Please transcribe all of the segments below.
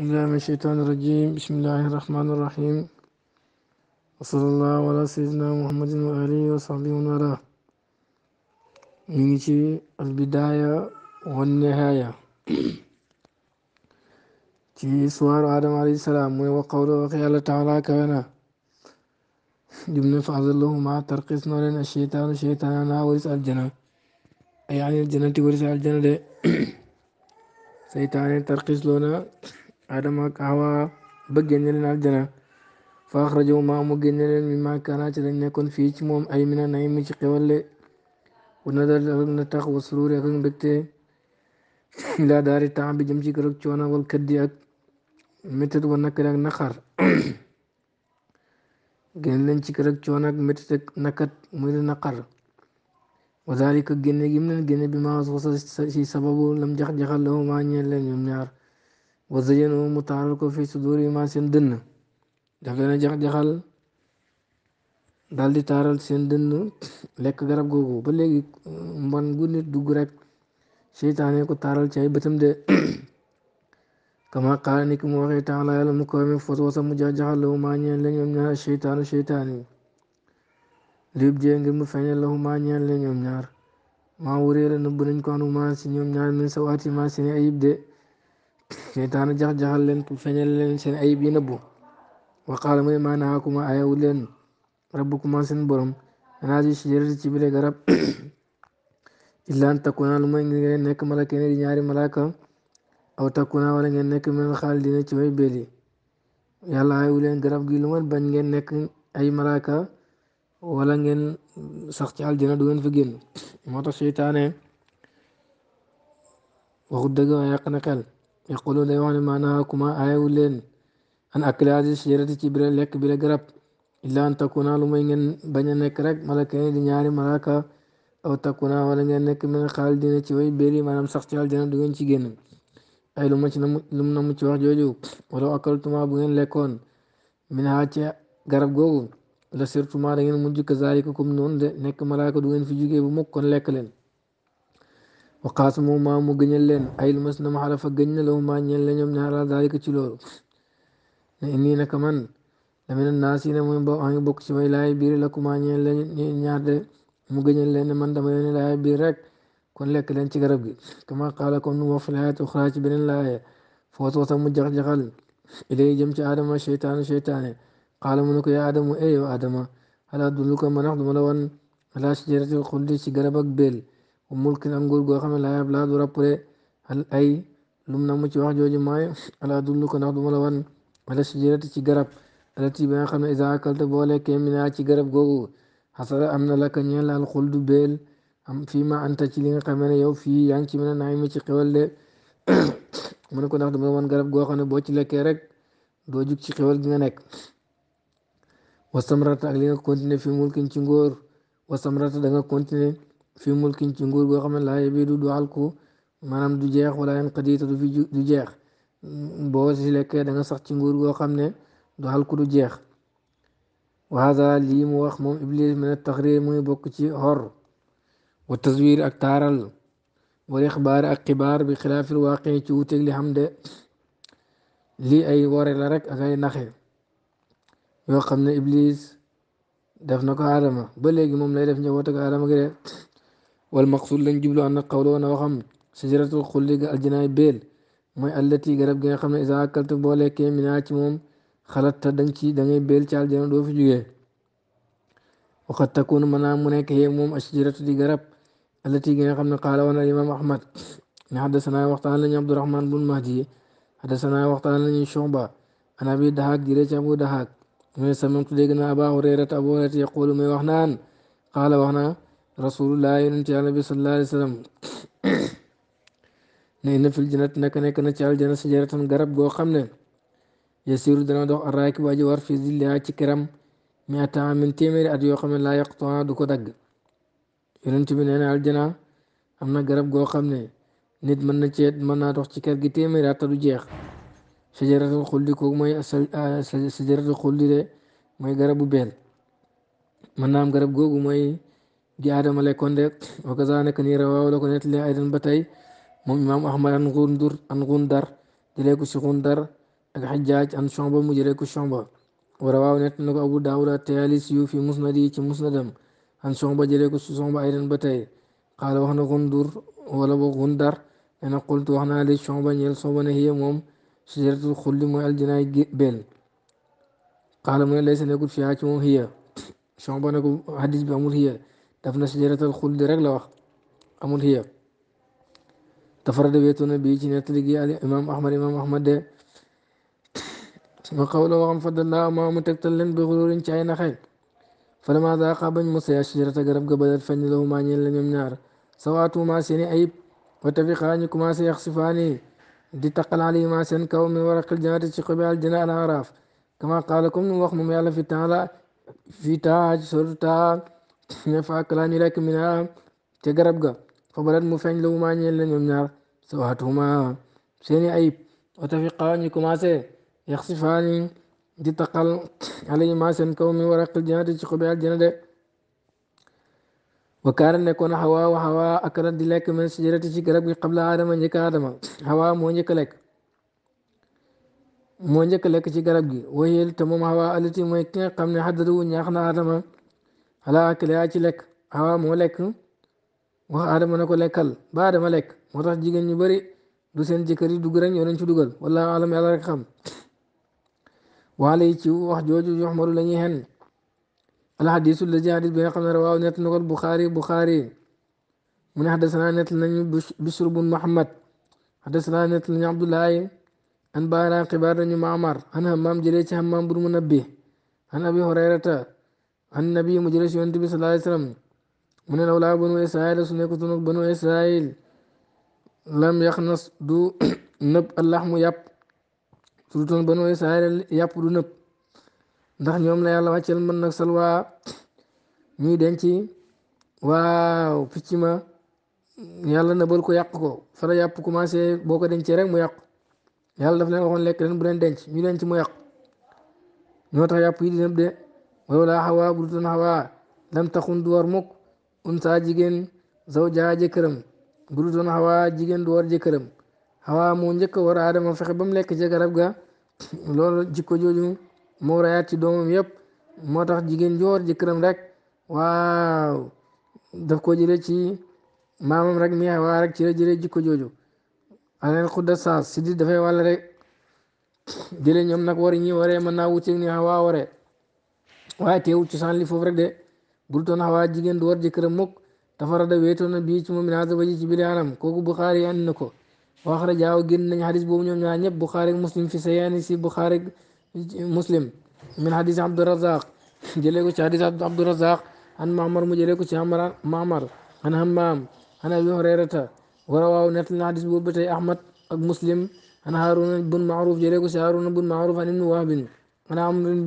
الله من الشيطان الرجيم بسم الله الرحمن الرحيم وصلى الله على سيدنا محمد وآله وصحبه وآله نيجي البداية والنهاية في سوار آدم عليه السلام وقوله وقال تعالى كوانا جملة فعز الله ما ترقصنا لنا الشيطان شيطاننا ورث الجنة أي يعني الجنة ورث الجنة ده شيطان ترقص لنا آدم وحواء بجن لنا الجنة فأخرجوا ما مجن لنا مما كانت لن يكن في اجموم أي من النعيم جقوال ونظر لنا تخ وسرور يقن بكت لا داري تعب جمجي كرك چوانا والكدي أك متت ونكر نخر جن لن چكرك چوانا متت نكت مير نقر وذلك جن جمن جن بما وصوصا سببو لم جخ جخل لهما نيال لن يمنار wa zayyanu mu taaral ko fi sudurihim seen dënn daf leen a jax-jaxal daal di taaral seen dënn lekk garab googu ba léegi mbon gu nit dugg rek seytaane ko taaral ci ay bëtam de kama qaala ni mu waxee taala yàlla mu koy fos wasa mu jaxal la mu feeñal ñeen la ñoom ñaar maa wuree la nëbb nañ ko anu maa si ñoom ñaar min sawaati maa seen ayib de seytaane jax-jaxal leen pour feeñal leen seen ayib yi nëbbu waqaala mu ne maa nahaakuma ayawu leen rabbukuma seen borom anaa si shajarati ci bile garab illaa an takuna lu may ngeen nekk malaka ne di ñaari malaka aw takuna wala ngeen nekk minal xaalidiina ci way béli yàlla ayawu leen garab gi lu man bañ ngeen nekk ay malaka wala ngeen sax ci aljana du ngeen fa génn moo tax seytaane waxut dëgg waaye yàq yaqulu day wax ne maanaa kuma aayewu leen an akilaazi shajarati ci bira lekk bira garab illaa an takuna lu may ngeen bañ a nekk rek malakayni di ñaari malaaka aw takuna wala ngeen nekk min xaalidina ci way béeri maanaam sax ci du ngeen ci génn lu ma ci lu mu na mu ci wax jooju wala akaltuma bu ngeen lekkoon min haa ci garab googu la surtout da ngeen mujj kazaalika comme noonu de nekk malaaka du ngeen fi jugee bu mukk kon lekk leen وقاسم ما مغنل لين اي المسلم على فغن لو ما نين لين من على ذلك تشلول اني انا كمان لمن الناس ان من بو اي بوكس وي لاي بير لكم ما نين لين نيار دي مغنل لين من دم وين لاي بيرك كون لك لين تي غرب كما قالا كون وفلات اخراج بن الله فوت وتم جغل الي جمت ادم الشيطان الشيطان قالا منك يا ادم اي يا ادم هل ادلك من اخدم لون على شجره الخلد غربك بيل mulkin ak nguur goo xam ne laa yablaa du rappale ay lum na mu ci wax jooju mooy alaa dullu ko ndax du ma la wan ala sijarati ci garab alati ba nga xam ne isa akalta boo lekkee minaa ci garab googu xasara am na laka ñeel al xul du beel am fii ma anta ci li nga xamee ne yow fii yaa ngi ci mën a naay mi ci xewal de mu ne ko ndax du ma la wan garab goo xam ne boo ci lekkee rek doo jug ci xewal gi nga nekk wasamrata ak li nga continuer fi mulkin ci ngóor wasamrata da nga continuer fi mulkin ci nguur goo xam ne laa yabiidu du alku maanaam du jeex wala yan xadiita du fi du jeex boo si lekkee da sax ci nguur goo xam ne du alku du jeex wahaza lii mu wax moom iblis min taxrir mu bokk ci xor wa taswir ak taaral wala xibaar ak xibaar bi xilaafil waaqi ci wuteeg li xam de ay wore la rek ak naxe yoo xam ne iblis def na ko aadama ba léegi moom lay def njaboot ak aadama gi والمقصود لن جبلو أن قولو أنا وخم شجرة الخلد الجناي بيل ما التي غرب جاي خم إذا أكلت بوله كي من أجمعهم خلت تدنشي دعي بيل شال جنو دوف جي وقد تكون منامنا كي مم الشجرة دي غرب التي جاي خم قالوا أنا الإمام أحمد حدثنا وقت أن عبد الرحمن بن مهدي حدثنا وقت أن لن شعبة أنا أبي دهاك جريت أبو دهاك من سمعت دعنا أبا هريرة أبو هريرة يقول ما وحنان قال وحنان rasulullah yonent yàlla bi sallallahu alayhi wa sallam ne na fil jannati naka nekk na ci aljana sajaratan garab goo xam ne yasiru dana dox arraakib aji war fi zilliha ci këram mi'ata amin téeméeri at yoo xam ne laa yaqtuha du ko dagg yonent bi nee na aljana am na garab goo xam ne nit mën na cee mën naa dox ci kër gi téeméeri at du jeex sajaratul xuldi kooku mooy sajaratul xuldi de mooy garabu benn mën naam am garab googu di Adama lekkoon de wa kazaalika nii rawaahu la ko nettali aydan ba tey moom imaam Ahmad an Gundur an Gundar jëlee ko si Gundar ak Xajjaaj an Shu'ba mu jëlee ko Shu'ba wa rawaahu nettali na ko Abu Daawud at-Tayaalisiyu fi musnadi ci musnadam an Shu'ba jëlee ko si Shu'ba aydan ba tey qaala Gundur wala boog Gundar nee na qultu wax naa li Shu'ba ñeel Shu'ba ne hiya moom sajaratul xuldi mooy aljanaay mu ne laysa nekkul fiihaa ci moom hiya Shu'ba ne ko hadis bi amul hiya def na sajaratal xuldi rek la wax amul xiya tafarada wéetoo na bii ci nettali gi al imam ahmad imam ahmad de ma xawla waxam fadallaa ma mu tegtal leen bi xulurin ci ay naxay falama zaaqa bañ musa ya shajarata garab ga badat fañ la huma ñeel la ñoom ñaar sawaatuma seeni ayib wa tafiqaa ñu commencé yaxsifaani di taqal alima seen kaw mi waraqil jannati ci xobi aljana al araaf kama qaala comme nu wax moom yàlla fi taala fi taa ci sortu taa نفع كلاني لك منها تقربك فبلد مفعل لو ما لن يمنع سواتهما سيني أيب وتفقاني كما يخصفاني دي تقل علي ما سن كومي ورق الجنة تشقبع الجنة وكان نكون حواء وحواء أكرد لك من سجرة تشقرب قبل آدم نجك آدم حواء مونجك لك مونجك لك تشقرب وهي التمام حواء التي مونجك قمنا حددو نياخنا آدم ala akliha ci lekk hawa moo lekk wax adama na ko lekkal ba lekk moo tax jigéen ñu bari du seen jëkkër yi dugg rek ñoo leen ci dugal wallahu alam yàlla rek xam yi ci wax jooju jox lañuy la ñuy xen alhadisu laji hadis bi nga xam ne rawaaw nett na ko buxaari buxaari mu ne xadasana nett nañu bisr bun muhammad xadasana nett nañu abdullahi an baara xibaar nañu maamar an hammam jëlee ci hammam bur mu nabbi an abi hurayrata an nabi mu jële si yonent bi sallallahu alayhi wasallam mu ne lawlaa banu israil su nekkutoon ak banu israil lam yaxnas du nëb allah mu yàpp surtout banu israil yàpp du nëb ndax ñoom la yàlla wàccel mën nag salwaa ñuy denc waaw picc ma yàlla nëbal ko yàq ko fara yàpp commencé boo ko dencee rek mu yàq yàlla daf leen lekk leen bu leen denc ñu denc mu yàq ñoo tax yàpp yi nëb de wala laa xawaa bu dutoon xawaa lam taxun du war mukk unsaa jigéen zawjaa jëkkëram bu dutoon xawaa jigéen du war jëkkëram xawaa moo njëkk war aadama fexe ba mu lekk ca garab ga loolu jikko jooju moo rayaat doomam yëpp moo tax jigéen ju war jëkkëram rek waaw daf ko jële ci maamam rek mi xawaa rek ci la jikko jooju aneen xudda saas si di dafay wàll rek jële ñoom nag war ñi waree mën naa wuteeg ni xawaa waaye teewul ci sànni foofu rek de bul doon xawaa jigéen du war jëkkëram mukk tafarada weetoon na bii ci moom minasa ba ji ci biir anam kooku Buxaari andi na ko wax ra jaaw génn nañ xadis boobu ñoom ñaar ñëpp Buxaari muslim fi sayaani si Buxaari muslim min xadis Abdurazaq jëlee ko ci xadis Abdurazaq an Maamar mu jëlee ko ci Amar Maamar an Hammaam an Abi Hurayrata war a waaw nett na xadis boobu ba tey Ahmad ak muslim an Haaruna bun Maaruf jëlee ko ci Haaruna bun Maaruf an ibnu Wahbin an Amrin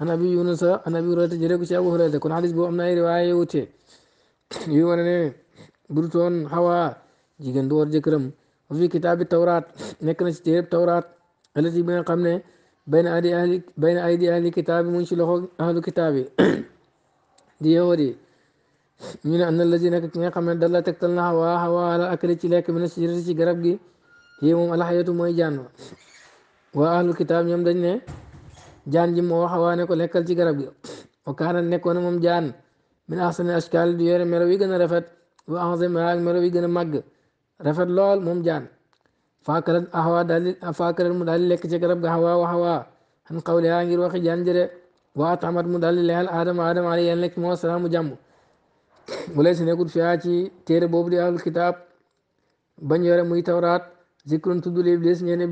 an abi yunus an abi hurayra jëlee ko ci abu hurayra kon xadis boobu am na ay riwaaya yu wute yu wane hawa jigéen du war jëkkëram wa fi kitaabi tawraat nekk na ci téereb tawraat alati bi nga xam ne bayna aydi ahli bayna aydi mu ngi ci loxo ahlu kitaabi di yahudi ñu ne anna lazi nekk ki nga xam ne dalla tegtal na hawa hawa ala akali ci lekk mina ci garab gi yé moom alxayatu mooy jaan wa ahlu kitaab ñoom dañ ne jaan ji moo wax waa ko lekkal ci garab gi wa kaana nekkoon moom jaan min ahsani ashkaal du yore melo wi gën a rafet wa a'zamiha ak melo wi gën a màgg rafet lool moom jaan faakalat ahwa daal di faakalat mu daal lekk ci garab ga hawa wa hawa xan qawliha ngir wax jaan jëre wa atamat mu daal di leyal aadama aadama alayhi lekk moo salaamu jàmm mu lay si nekkut fiyaa ci téere boobu di ahlul kitaab bañ yore muy tawraat zikrun tuddul iblis ñeen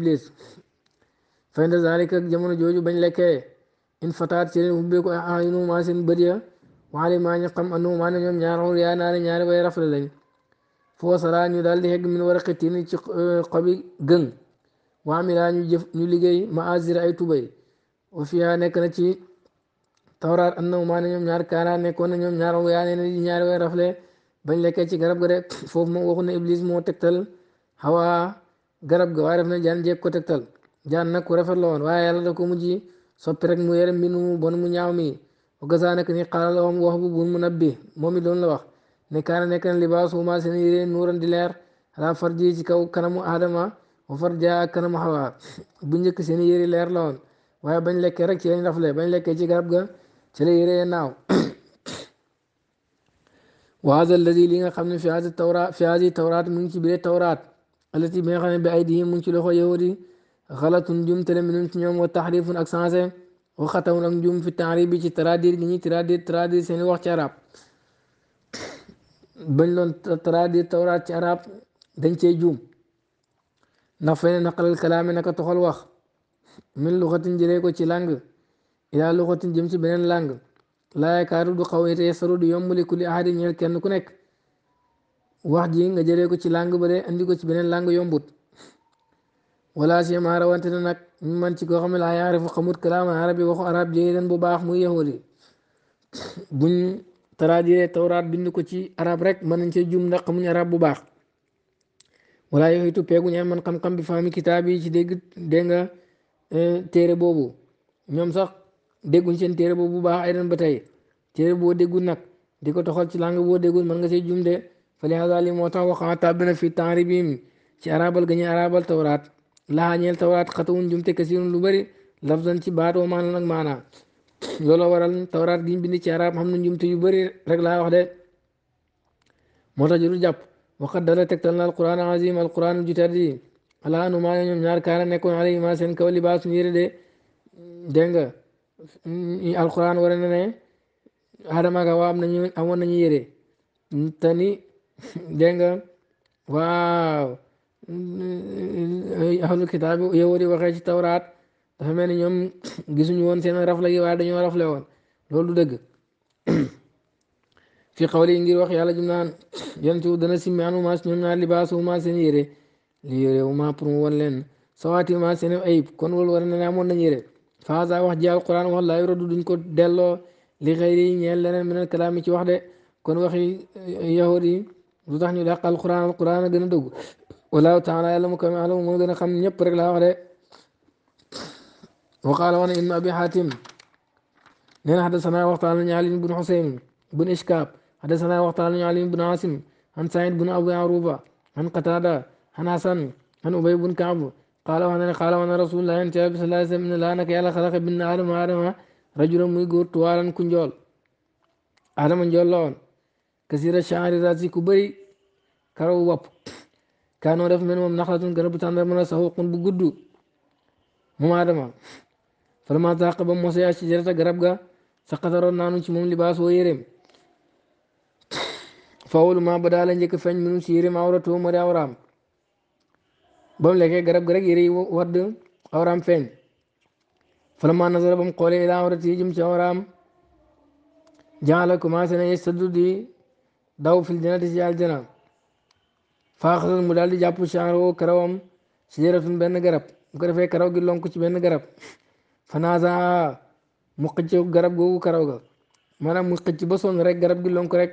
fay na zaalika ak jamono jooju bañ lekkee in fataat ci leen ubbeeku ayunu maa seen bët ya waale maa ñu xam annu maa ne ñoom ñaar xur yaa naa ne ñaari way rafle lañ foo sara ñu daal di xegg min war a xittiin ci xobi gëng waa mi laa ñu jëf ñu liggéey ma azira ay tubay wa fiyaa nekk na ci tawraat annu maa ne ñoom ñaar kaanaa nekkoon na ñoom ñaar xur yaa ne di ñaari way rafle bañ lekkee ci garab ga rek foofu moom waxu na iblis moo tegtal xawaa garab ga waa def na jaan jeeg ko tegtal jaan nag ku rafet la woon waaye yàlla da ko mujj soppi rek mu yere mbind mu bon mu ñaaw mi o ogasa nak ni xaalal wam wax bu bun mu nabbi moom it loolu la wax ne kaana nekk na libaasu ma seen yére nuuran di leer ala farji ci kaw kanamu aadama wa farja kanamu xawa bu njëkk seen yére leer la woon waaye bañ lekkee rek ci lañ rafle bañ lekkee ci garab ga ci la yére naaw wa hada alladi li nga xam ne fi hada tawraat fi hada tawrat mu ngi ci biir tawrat alati bi nga xam ne bi ay di mu ngi ci loxo yahudi xalatun jumte la minum ci ñoom wa taxrifun ak sensé wa xatawun ak jum fi taarib bi ci traduire gi ñuy traduire traduire seeni wax ci arab bañ loon traduire tawraat ci arab dañ cee juum ndax fene naqalal kalaami naka toxal wax min luxatin jëlee ko ci langue ilaa luxatin jëm ci beneen langue laa yaakaaru du xaw te yasaru du yomb li kulli ahadin kenn ku nekk wax ji nga jëlee ko ci langue ba de andi ko ci beneen langue yombut wala si ma rawante na nag man ci koo xam ne laa yaarifu xamut kalaama arabi waxu arab jaydan bu baax muy yahudi buñ taraajire tawraat bind ko ci arab rek mën nañ cee jum ndax xamuñ arab bu baax wala yooyu tuppeeguñ am man xam-xam bi faami kitaab yi ci dégg dégg nga euh, téere boobu ñoom sax dégguñ seen téere boobu bu baax ay den ba tey tere boo déggul nag di ko toxal ci langue boo déggul mën nga see jum de fali hazaali moo tax waxaa tàbbi na fi taaribim ci arabal gañu arabal tawraat laa ñeel tawraat xatawun jumte kasirun lu bëri lafzan ci baat woo maana nag maana loolu waral tawraat giñ bind ci arab xam na njumte yu bëri rek laa wax de moo tax juru jàpp waxat dala tegtal na alquran azim alquran ju tedd yi ala anu ñoom ñaar kaana nekkoon alayhi ma seen kaw libaasu yére de dégg nga alquran war na ne nañu amoon nañu yére waaw ahlu kitaab bi yow di waxee ci tawraat dafa mel ni ñoom gisuñu woon seen rafle gi waaye dañoo rafle woon loolu dëgg fi xawli ngir wax yàlla jum naan yantu dana simmi anuma ñoom ñaar libaasu ma seen yére li yére ma pour mu won sawaati ma seen ayib kon loolu war na ne amoon nañ yére faasa wax ji alquran wax laa yuraddu duñ ko delloo li xëyri ñeel leneen meneen kalaam ci wax de kon waxi yahudi lu tax ñu dàq alquran alquran a gën a dëgg ولو تعالى يعلم كما يعلم مودنا خم يبرق لها غري وقال وانا ابن ابي حاتم نحن حدثنا وقت على علي بن حسين بن اشكاب حدثنا وقت على علي بن عاصم عن سعيد بن ابي عروبه عن قتاده عن حسن عن ابي بن كعب قال وانا قال وانا رسول الله انت صلى الله عليه وسلم الله انك يلا خلق ابن ادم ادم رجل مي غور توارن كنجول ادم نجول كثير الشعر راسي كبري كرو وابو kaanoo def men moom naxlatun gën a bu tàndar mën a saxuqun bu gudd moom aadama vraiment taq ba mose a sijarata garab ga saqataroon naanu ci moom libaaso woo yéreem fawolu ma ba daala njëkk feeñ minu si yéreem awratoo ma di awraam ba mu garab ga rek yére yi wadd awraam feeñ vraiment nazara ba mu xoolee ila awrat yi jëm ci awraam jaala commencé na sa di daw fil janati ci aljana faaxal mu daal di jàpp chaaro karawam sijaratun benn garab bu ko defee karaw gi lonk ci benn garab fanaasa mu xëcc garab googu karaw ga maanaam mu xëcc ba sonn rek garab gi lonk rek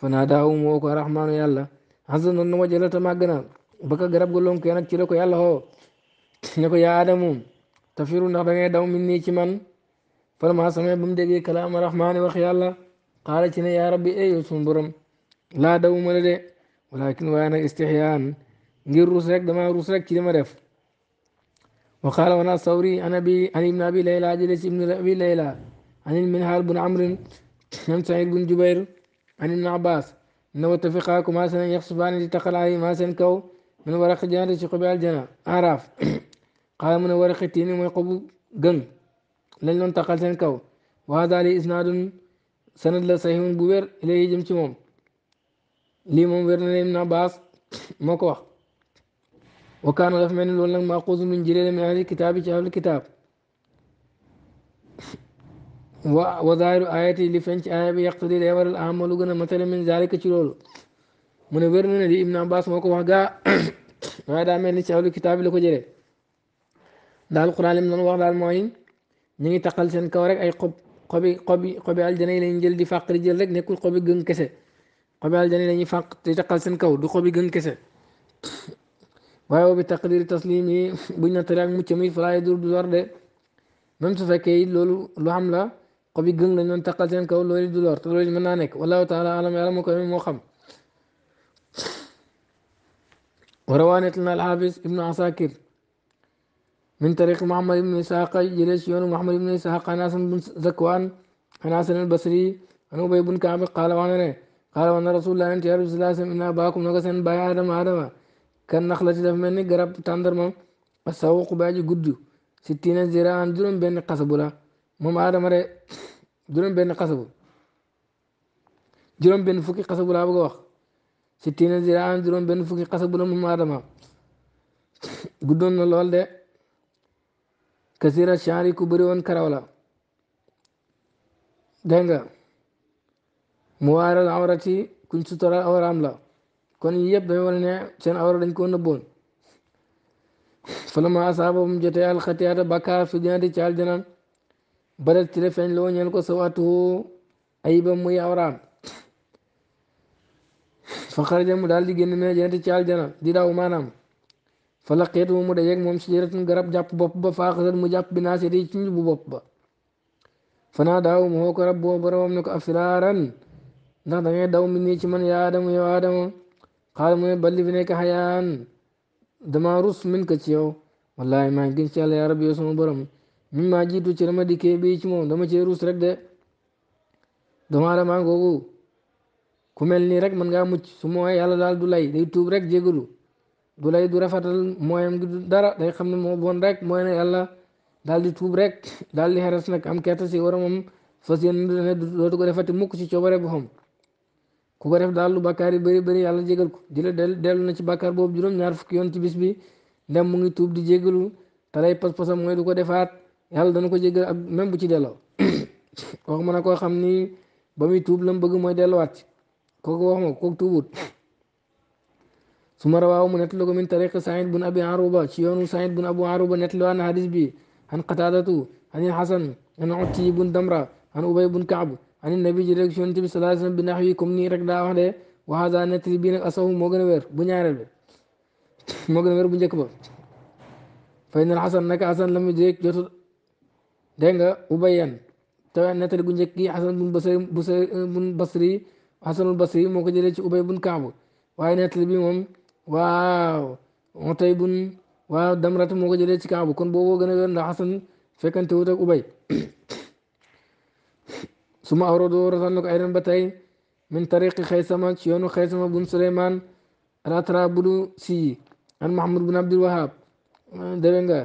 fanaadaahu mu woo ko rahmaanu yàlla xasa noonu ma jëla ta màgg na garab ga lonkee nag ci la ko yàlla xoo ne ko yaa Adamu tafiru ndax da ngay daw min nii ci man vraiment sama ba mu déggee wax yàlla xaala ci ne yaa rabbi ay yow suñu borom laa ولكن وانا استحيان غير روس رك دما روس رك كلمة رف وقال وانا الثوري انا بي انا ابن ابي ليلى جلس ابن ابي ليلى عن المنهال بن عمرو عن سعيد بن جبير عن ابن عباس انه اتفقاكم حسنا سن يخصفان لتقل عليه ما كو من ورق جنة قبال الجنة اعرف قال من ورق التين ويقب قن لن انتقل سن كو وهذا لي اسناد سند لصحيح بوير اليه جمتموم lii moom wér na ne Ibn Abbas moo ko wax wa kaana dafa mel ni loolu nag maa xuusu luñ jëlee la min ahli kitaab yi ci ahli kitaab wa wa zaahiru ayati li feeñ ci aaya bi yaqtadi day waral amalu gën a matale min zalika ci loolu mu ne wér na ne li Ibn Abbas moo ko wax gaa waaye daa mel ni ci ahli kitaab yi la ko jëlee daal Quraan lim noonu wax daal mooy ñu ngi taqal seen kaw rek ay xob xobi xobi xobi aljana yi lañ jël di fàqri jël rek nekkul xobi gën kese. قبل دني لاني فاق تيتقال سنكو دوخو بي غن كسه وايو بتقدير تسليمي بو نتر اك موتي مي فلا يدور دوار دي ميم سو فكاي لولو لو حملا قبي غن لا نتقال سنكو لولي دولور تولي من نانيك والله تعالى عالم يعلم كم مو خم وروانة لنا الحافظ ابن عساكر من طريق محمد بن إسحاق جلس يون محمد بن إسحاق أناس بن زكوان أناس البصري أنا أبي بن كعب قال وانا نه xaaral ma ne rasulullah abaakum naka seen baay aadama aadama kan nax la ci dafa mel ni garab tàndarma asawuq baa ji gudd si tiina ziraan juróom benn xasabu la moom aadama de juróom benn xasabu juróom benn wax si tiina ziraan benn fukki xasabu la moom guddoon na lool de kasira shaari ku bëri woon karaw la mu waaral awra ci kuñ sutural awraam la kon yii yëpp dañu wane ne seen awra dañ koo nëbboon falama asaabahum jotee alxatiyaata bakkaar fi dina di ci aljana badat ci loo ñeen ko sawatu ayibam muy awraam fa xaraja mu daal di génn mee jenati ci aljana di daw maanaam fa laqiitu mu dajeeg moom sijaratun garab jàpp bopp ba faaxasat mu jàpp bi naasiyati ci njubu bopp ba fanaa daaw mu hoo rab boo boromam ne ko afiraaran न धमे दौ मिनीचमन यादम यादम खारमे बल्ली बिने kahayaan damarus min ka ciyaw wallahi ma gin ci ya rabbi sama borom min ma jitu ci rama dike bi ci mom dama ci rus rek de damara ma gogu ku mel ni rek man nga mucc su mooy yàlla daal du lay day tuub rek jégalu du lay du rafetal mooyam gi du dara day xam ne moo bon rek mooy ne yàlla daal di tuub rek daal di xeres nag am kerta si waramam fas yéen ne dootu ko defati mukk ci coobare bu xam ku ko def daal lu beri yi bëri bëri yalla jégal ko dila delu na ci bakkaar bobu juróom-ñaar fukki yoon ci bis bi ndem mu ngi tuub di jegalu te lay pas-pasam mooy du ko defaat yalla dana ko jegal ak même bu ci delo wax ma ne ko xamni ni ba muy tuub lam bëgg moy delu wat ko ko wax ma ko tuubut su ma mu netlo ko min tariq sa'id bun Abi Aruba ci yoonu sa'id bun Abu Aruba netlo an hadith bi an qatadatu an hasan Xasan an uti bun Damra an ubay bun kabu. ani nabi ji rek yonent bi sallallahu alayhi wasallam bi nax yi comme nii rek daa wax de waxaasa nettali bii nag asawu moo gën a wér bu ñaareel bi moo gën a wér bu njëkk ba fay na xasan naka xasan la mu jéeg jotut dégg nga ubayyan te nettali bu njëkk gi xasan bun basri bun basri xasanul basri moo ko jëlee ci ubay bun kaab waaye nettali bi moom waaw moo tey bun waaw damrat moo ko jëlee ci kaab kon booboo gën a wér ndax xasan fekkante wut ak ubay su ma awradoo rasal na ko aydan ba tey min tariqi xaysama ci yoonu xaysama bun suleyman alatra budu siyi an mahamad bun abdul wahab dégg nga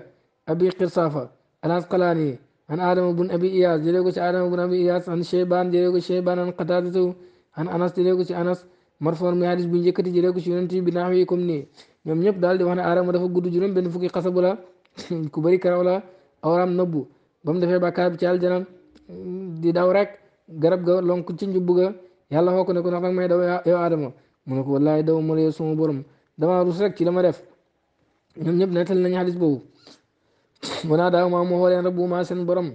abi xirsafa al asqalaani an adama bun abi iyas ko ci adama bun abi iyas an cheyban ko ci an qatadatu an anas jëlee ko ci anas marfoon mi hadis bu njëkkati jëlee ko ci yonent bi naax yi ñëpp daal di wax ne aadama dafa gudd juróom benn fukki xasabu la ku bëri karaw la awraam nëbbu ba mu defee bàkkaar bi ci di daw rek garab ga lonku ci njubbu ga yalla hokku ne ko nak may daw yow ya, aadama ya mu ne ko daw mo la suma borom dama rus rek ci lama def ñom ñep netal nañu hadith bobu mu naa daaw maa moo xooleen rabbu ma sen borom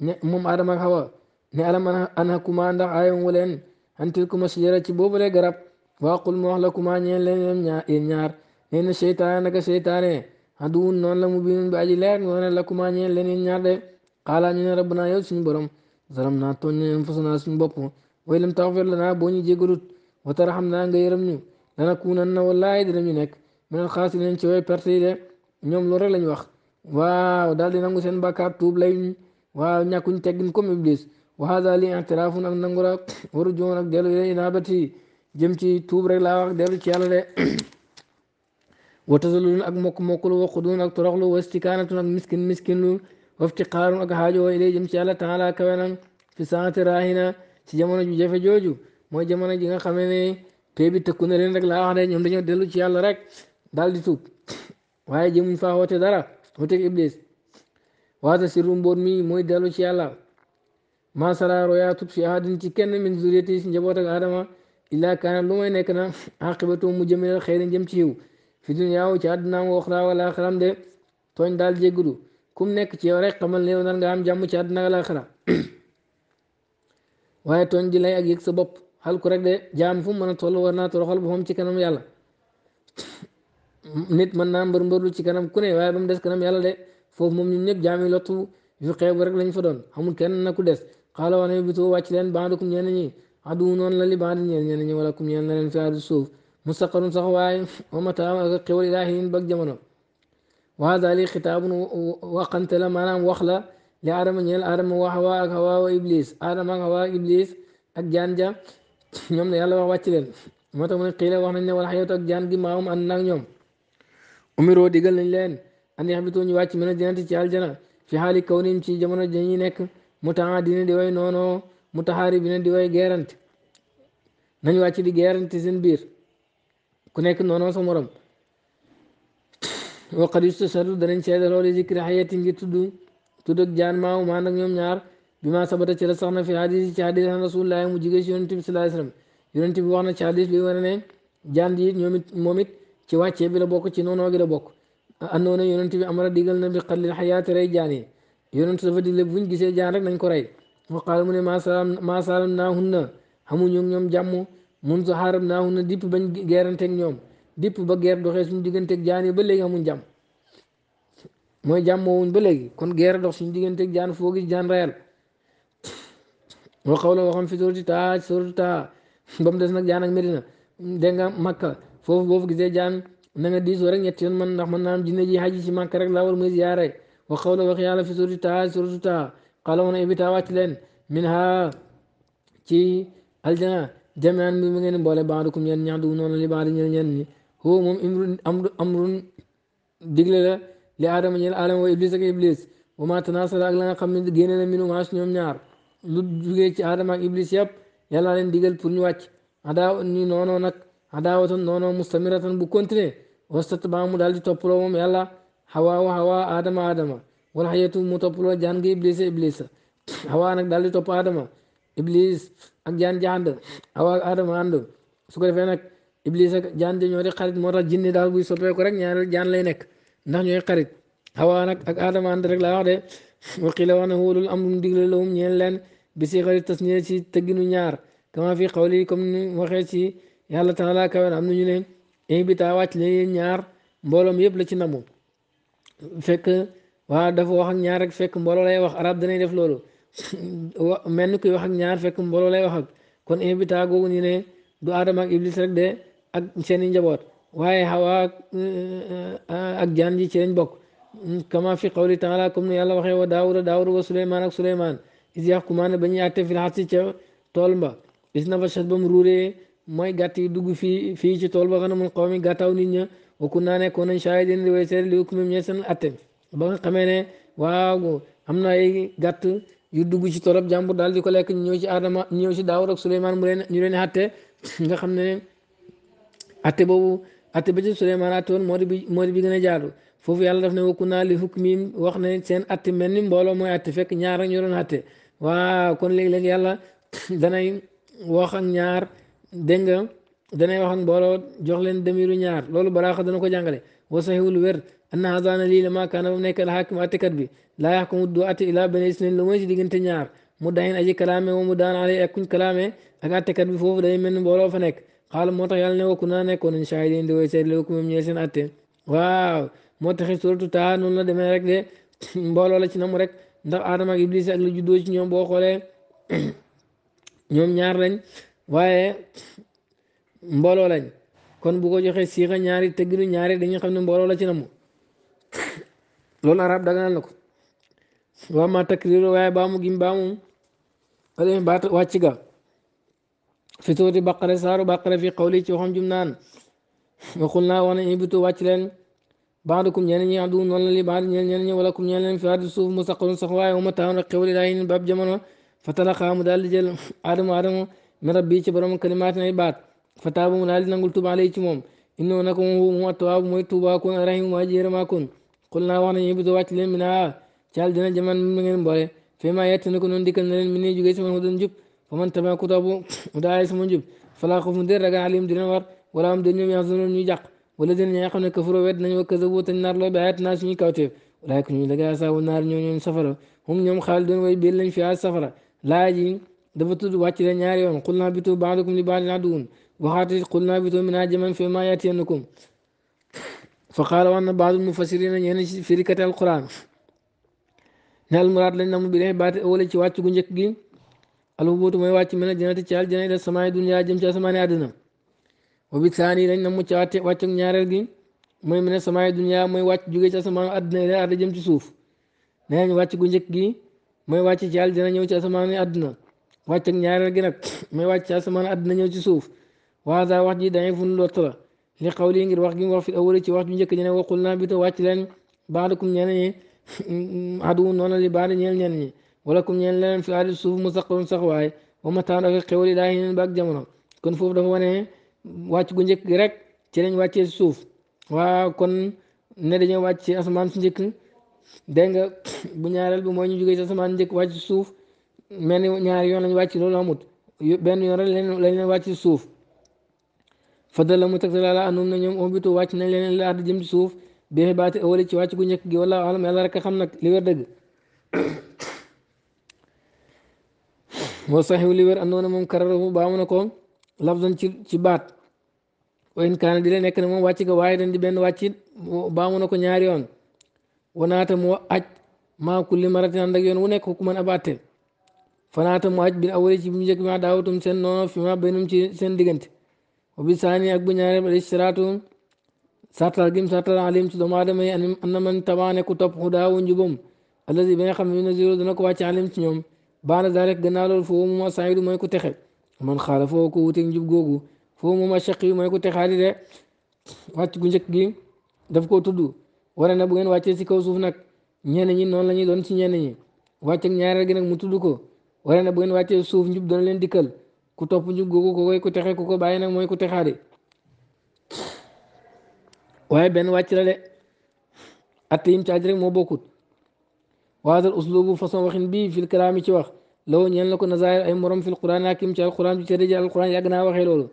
ne moom ak hawa ne alam ana kuma ndax ayum wulen antil kuma ci bobu le garab wa qul ma wax la kuma ñeen leen yéen ñaar nee na naka seytaane aduun non la mu biin bi leer ngone lakuma ñeen ñaar de qala ñu ne rabbuna yow suñu borom zalam naa tooñ ne anfusana suñu bopp way lam taxfir lanaa boo ñu jégalut wa tarxam naa nga yërëm ñu lanakunanna wallaahi dinañu nekk minal xaasiriin ci way perte yi de ñoom loolu rek lañ wax waaw daal di nangu seen bàkkaar tuub layuñ teggin comme iblis wa hada li i'tiraafun ak nangu la waru joon ak dellu ila jëm ci tuub rek laa wax dellu ci yàlla de wa tazallulun ak mokk mokklu wa xudun ak toroxlu wa istikaanatun ak miskin miskin lu waftiqaarun ak xaajoo ilay jëm ci yàlla taala kawenam fi saati raahina ci jamono ju jafe jooju mooy jamono ji nga xamee ne pay bi tëkku na leen rek laa wax ne ñoom dañoo dellu ci yàlla rek daal di tuub waaye jëmuñ faa woote dara wooteeg iblis waata si rumboon mi mooy dellu ci yàlla maa saraaro yaa fi ahadin ci kenn min zuriyati si njaboot ak adama illaa kaana lu may nekk na aqibatu mu jëmee xëyrin jëm ci yiw fi duniyaaw ci àddinaam wa oxraa tooñ daal jéggudu kum nekk ci yow rek xamal ne yow nan nga am jàmm ci àddina alaxira waaye tooñ ji lay ak yëg sa bopp xal ku rek de jaam fu mu mën a toll war naa toroxal boppam ci kanam yàlla nit mën naa mbër mbërlu ci kanam ku ne waaye ba mu des kanam yàlla de foofu moom ñun ñëpp jaami lottu yu xeebu rek lañ fa doon amul kenn na ku des xaala wax ne bitoo wàcc leen bandukum ñenn ñi adu noonu la li bandi ñeen ñenn ñi wala kum ñeen la leen fi adu suuf mustaqarun sax waaye wa wa dali xitaabun waxante la maanaam wax la li aadama ñeel aadama wa hawa ak hawa wa iblis aadama ak hawa ak iblis ak jaan ja ñoom la yàlla wax wàcc leen moo tax mu ne wax nañ ne wala xayatu ak jaan gi maawum ànd naag ñoom umiroo digal nañ leen an yaxbitoo ñu wàcc mën a janati ci aljana kaw nin ci jamono dañuy nekk mu taxa dina di way noono mu taxaari bi ne di way geerante nañ wàcc di geerante seen biir ku nekk noono sa waqad yustasalu danañ seedaloo li zikri xayatin ngi tudd tudd jaan maa wu maan ak ñoom ñaar bi ma sabata ci la sax na fi hadis ci hadis an rasulullahi mu jige si yonent bi sallallahu wax na ci hadis bi wane jaan ji ñoom moom it ci wàccee bi la bokk ci noonoo gi la bokk andoon na yonent bi amara digal na bi xallil xayaati rey jaan yi yonent dafa digle buñ gisee jaan rek nañ ko rey wa qaala mu ne maa saalam naa hunna xamuñu ñoom jàmm mun sa xaaram naa hunna dipp bañ geeranteeg ñoom dipp ba guerre doxee suñu digganteeg jaan yi ba léegi amuñ jàmm mooy jàmmoowuñ ba léegi kon guerre dox suñu teg jaan foo gis jaan rayal wa xaw la waxam fi sóorti taa sóorti taa ba des nag jaan ak Medina dégg nga Makka foofu boo fa gisee jaan na nga diisoo rek ñetti yoon man ndax man naa am jinne ji xaji si Makka rek laa war muy ziyaare wa xaw la wax yàlla fi sóorti taa sóorti taa xala woon ibita wàcc leen min ha ci aljana jamian mi mu ngeen boole baadukum ñeen ñax du noonu li huwa moom imrun amru amrun digle la li aadama ñeel aadama wa iblis ak iblis wa ma tanasara ak la nga xam ne génne na minu maas ñoom ñaar lu jugee ci aadama ak iblis yàpp yàlla leen digal pour ñu wàcc adaaw ni noonoo nag adaawatan noonoo mustamiratan bu continuer wastat baa mu daal di toppaloo moom yàlla xawaa wa xawaa aadama aadama wala xayatu mu toppaloo jaan nga iblisa iblisa xawaa nag daal di topp aadama iblis ak jaan ja ànd xawaa ak aadama ànd su ابليس جان دي نوري خريط مورا جيني دال بوي سوبيكو رك نيار جان لينك نيك ناخ نوي خريط هوا نك اك ادم اند رك لا واخ دي وقيل وانا هو الامر ديغل لهم أمم نيان لين بيسي خري تسنيه سي تگينو نيار كما في قولي كم سي يالا تعالى كان امنو ني لين اي بي تا لي نيار مبولم ييب لا سي نامو فك وا داف واخ اك نيار رك فك مبول لاي واخ عرب داني ديف لولو ملني كوي نيار فك مبول لاي واخ كون اي بي تا غوغو ني ني دو ادم اك ابليس رك seen i njaboot waaye xawaa ak jaan ji ci lañ bokk kama fi qawli taala comme ne yàlla waxee wa daawuda daawuda wa suleymaan ak suleymaan is yax yaxkumaane ba ñuy àtte fi laxas ca tool ba is na fa fashat ba mu ruuree mooy gàtt yi dugg fii fii ci tool ba xana mun xaw mi gàttaw nit ña wa ku naa nekkoon nañ saay den di way seet li hukmi ñee seen atte ba nga xamee ne waaw am na ay gàtt yu dugg ci torob jàmbur daal di ko lekk ñu ñëw ci aadama ñëw ci daawuda ak suleymaan mu leen ñu leen xàtte nga xam ne atte boobu atte ba ci Suleymaan atte woon moo di bi moo di bi gën a jaadu foofu yàlla daf ne wakku naa li hukk mi wax ne seen atte mel ni mbooloo mooy atte fekk ñaar ak ñu kon léeg-léeg yàlla danay wax ak ñaar dégg nga danay wax ak mbooloo jox leen demiru ñaar loolu baraaxa dana ko jàngale wa saxiwul wér anna hazaana lii la maakaana ba mu nekk alxaakim attekat bi laa yaxkumu du atte ilaa benn isnin lu mooy si diggante ñaar mu dayin aji kalaame wa mu daan ale ak kuñ kalaame ak attekat bi foofu day mel ni mbooloo fa nekk xaal moo tax yàlla ne wakku naa nekkoon nañ shahidin di way seet la wakku moom ñeel seen waaw moo taxi surtout taa noonu la demee rek de mbooloo la ci namu rek ndax adama ak iblis ak lu juddoo ci ñoom boo xoolee ñoom ñaar lañ waaye mbooloo lañ kon bu ko joxee siixa ñaari tëgginu ñaari dañuy xam ne mbooloo la ci namu loolu arab daganal na ko waa ma takrir waaye baamu gim baamu wàcc ga في توري بقرة سار بقرة في قولي تهم جمنان وقلنا وانا يبتو واتلن بعضكم ينني عدون ولا لي بعض ينني ولاكم ينني في هذا السوف مستقر سخواء ومتعون القول الهين باب جمنو فتلقى مدال جل عرم عرم من ربي تبرم كلمات نعبات فتابوا من هذا نقول توب عليكم إنه نكون هو مؤتواب مؤتوبا كون أرهيم مؤجير ما كون قلنا وانا يبتو واتلن منها آه، جال دينا جمن من مغن بولي فيما يتنكون اندكن لن مني جوغيس من هدن جب فمن تبع كتابه ودعي اسم منجب فلا خوف من دير رجع عليهم دين النار ولا هم دينهم يحزنون يجق والذين يقون كفروا بيتنا وكذبوا النار لا بعات ناس من كوتيب ولكن إذا جاءوا ساو النار نيون سفر هم يوم خالدون ويبيلن في السفر لا يجين دفتوا واتشر نياريون قلنا بتو بعضكم لبعض العدون وخاطر قلنا بتو من عجما فيما يأتينكم فقال وان بعض المفسرين يعني في ركة القرآن نال مراد لنا مبيلين بعد أولي تواتشو جنجك جين wati da الهبوط ما يواتي من الجنة تشال جنة إلى السماء الدنيا جم تشال سماء أدنى وبالثاني رن نمو تشات واتم نيارل جن ما من السماء الدنيا ما يواتي جوجي تشال سماء أدنى إلى أرض جم تشوف نهان يواتي جنجك جي ما يواتي تشال جنة نيو تشال سماء أدنى واتم نيارل جنك ما يواتي تشال سماء أدنى نيو تشوف وهذا واحد ضعيف لوترا لقولي غير واحد في الأول تي واحد جنك جنة وقلنا بيتو واتي لن بعدكم نيارل عدو نونا لبعض نيارل ni wala kum ñeen leneen fi aari suuf mu sax waay wa mataan ak xewal yi daa yeneen ba ak jamono kon foofu dafa wane wàcc gu njëkk gi rek ci lañ wàccee suuf waa kon ne dañoo wàcc ci asamaan su njëkk dégg nga bu ñaareel bi mooy ñu jógee ci asamaan njëkk wàcc suuf mel ni ñaari yoon lañ wàcc loolu amut benn yoon rek lañ leen wàcc suuf fadala mu teg laa la anum na ñoom ombitu wàcc nañ leen la àdd jëm ci suuf bi xibaati awali ci wàcc gu njëkk gi wala alam yàlla rek a xam nag li wér dëgg moo saxiw li wér andoona moom kararahu baamu na ko lafzan ci ci baat wa in kaana di nekk na moom wàcc ga waaye dañ di benn wàccit baamu na ko ñaari yoon naata mu aj maa kulli maratin ànd ak yoon wu nekk xukuman ab àtte fanaata mu aj bi awali ci bu njëkk ma daawatum seen noono fi ma baynum ci seen diggante ak bu ñaareel al istiraatu sartal gim sartal alim ci doomu aadama yi an na man tabaane ku topp xudaawu njubam allazi bi nga xam ne dina ko wàcc alim ci ñoom baana dalik gannaaw loolu foofu moom asaayidu mooy ku texe man xaala foo ko wuteeg njub googu foofu moom ashaq yi mooy ku texaadi de wàcc gu njëkk gi daf koo tudd wala na bu ngeen wàccee si kaw suuf nag ñenn ñi noonu la ñuy doon si ñenn ñi wàcc ak ñaareel gi nag mu tudd ko wala na bu ngeen wàccee suuf njub dana leen dikkal ku topp njub googu ko koy ku texe ku ko bàyyi nag mooy ku texaadi waaye benn wàcc la de at yim caaj rek moo bokkut وهذا الأسلوب فصل وخن بي في الكلام تشوخ لو نيان لكو نزاير أي مرم في القرآن لكن تشال القرآن تشرج القرآن يقنا وخي لولو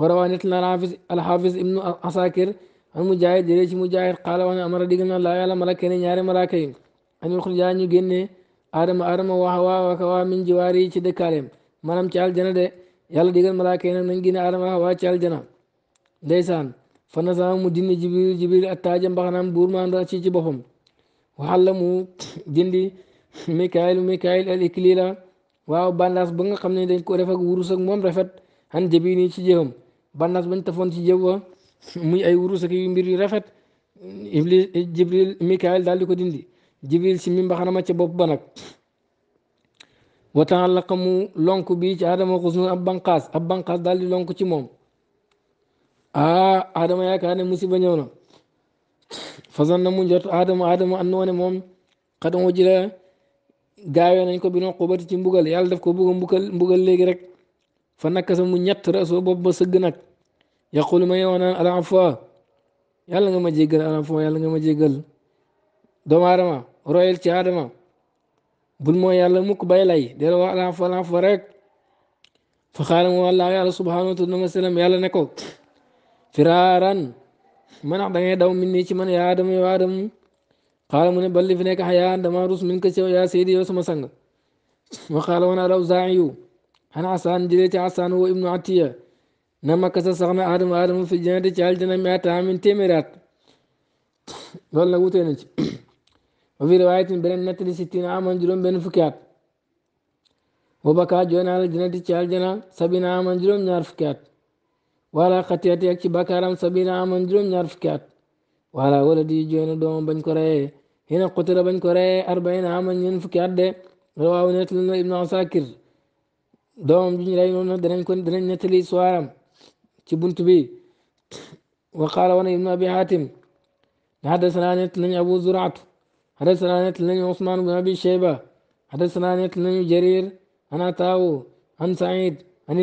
وروى نتلنا الحافظ, الحافظ ابن عساكر عن مجاهد جريش مجاهد قال وانا أمر ديقنا لا يعلم ملكين نيار ملاكين أن يخرجان يجنه آدم آدم وحوا وكوا من جواري تشدكارم manam ci aljana de yàlla digal malaaka yi nag nañ génne aadama xawaa ci aljana ndeysaan fa na sama mu dindi jibril jibril attaaja mbaxanaam buur maa ci ci boppam waxalla mu jëndi mikaayil mikaayil al iklila waaw bandaas ba nga xam ne dañ ko def wurusak moom rafet an jëbi nii ci jëwam bandaas bañ tafoon ci jëw wa muy ay wurus yu mbir yu rafet iblis jibril mikaayil daal di ko dindi jibril si mi mbaxana ma ca bopp ba nag watan laqa mu lonk bi ci adama xusnu ab banqaas ab banqaas daal di lonk ci moom ah adama yaakaar ne musiba ñëw na فظن منجر ادم ادم ان نوني موم قدمو جلا غاوي نانكو بنو قوبتي تي مبوغال يال داف كو بوغو مبوغال مبوغال ليغي رك فا نكاسو راسو بوب سغ نك يقول ما يوانا العفو يالا نغا ما جيغال العفو يالا نغا ما جيغال دوما ادم رويل تي ادم بول مو يالا موك بايلاي ديل وا العفو العفو رك فخالم والله يا سبحانه وتعالى يالا نكو فرارا man ax ah, da ngay daw min nii ci yaa adama yow adama xaala mu ne balli fi nekk xayaan dama rus min ko ci yaa saydi yow sama sang wa xaala wana al awzaa'iyu xan asaan jëlee ci asaan woo ibnu atiya na makasa sax na adama adama fi jannati ci aljana mi amin téeméeri at loolu na ci wa fi riwaayatin beneen nettali sittina aman juróom benn fukki at wa baka jooy naa la jannati aman juróom ñaar fukki wala xatiyati ak ci bakaaram sabina amoon juróom-ñaar fukki wala wala di joona doomam bañ ko reyee hina qutila bañ ko reyee arbaina amoon ñeen fukki de rawaaw nettali na ibnu asakir doomam juñ rey noonu danañ ko danañ nettali soaram ci bunt bi wa qaala wana ibnu abi hatim حدثنا نت لن أبو زرعة حدثنا نت لن عثمان بن أبي شيبة حدثنا نت لن جرير أنا تاو عن سعيد عن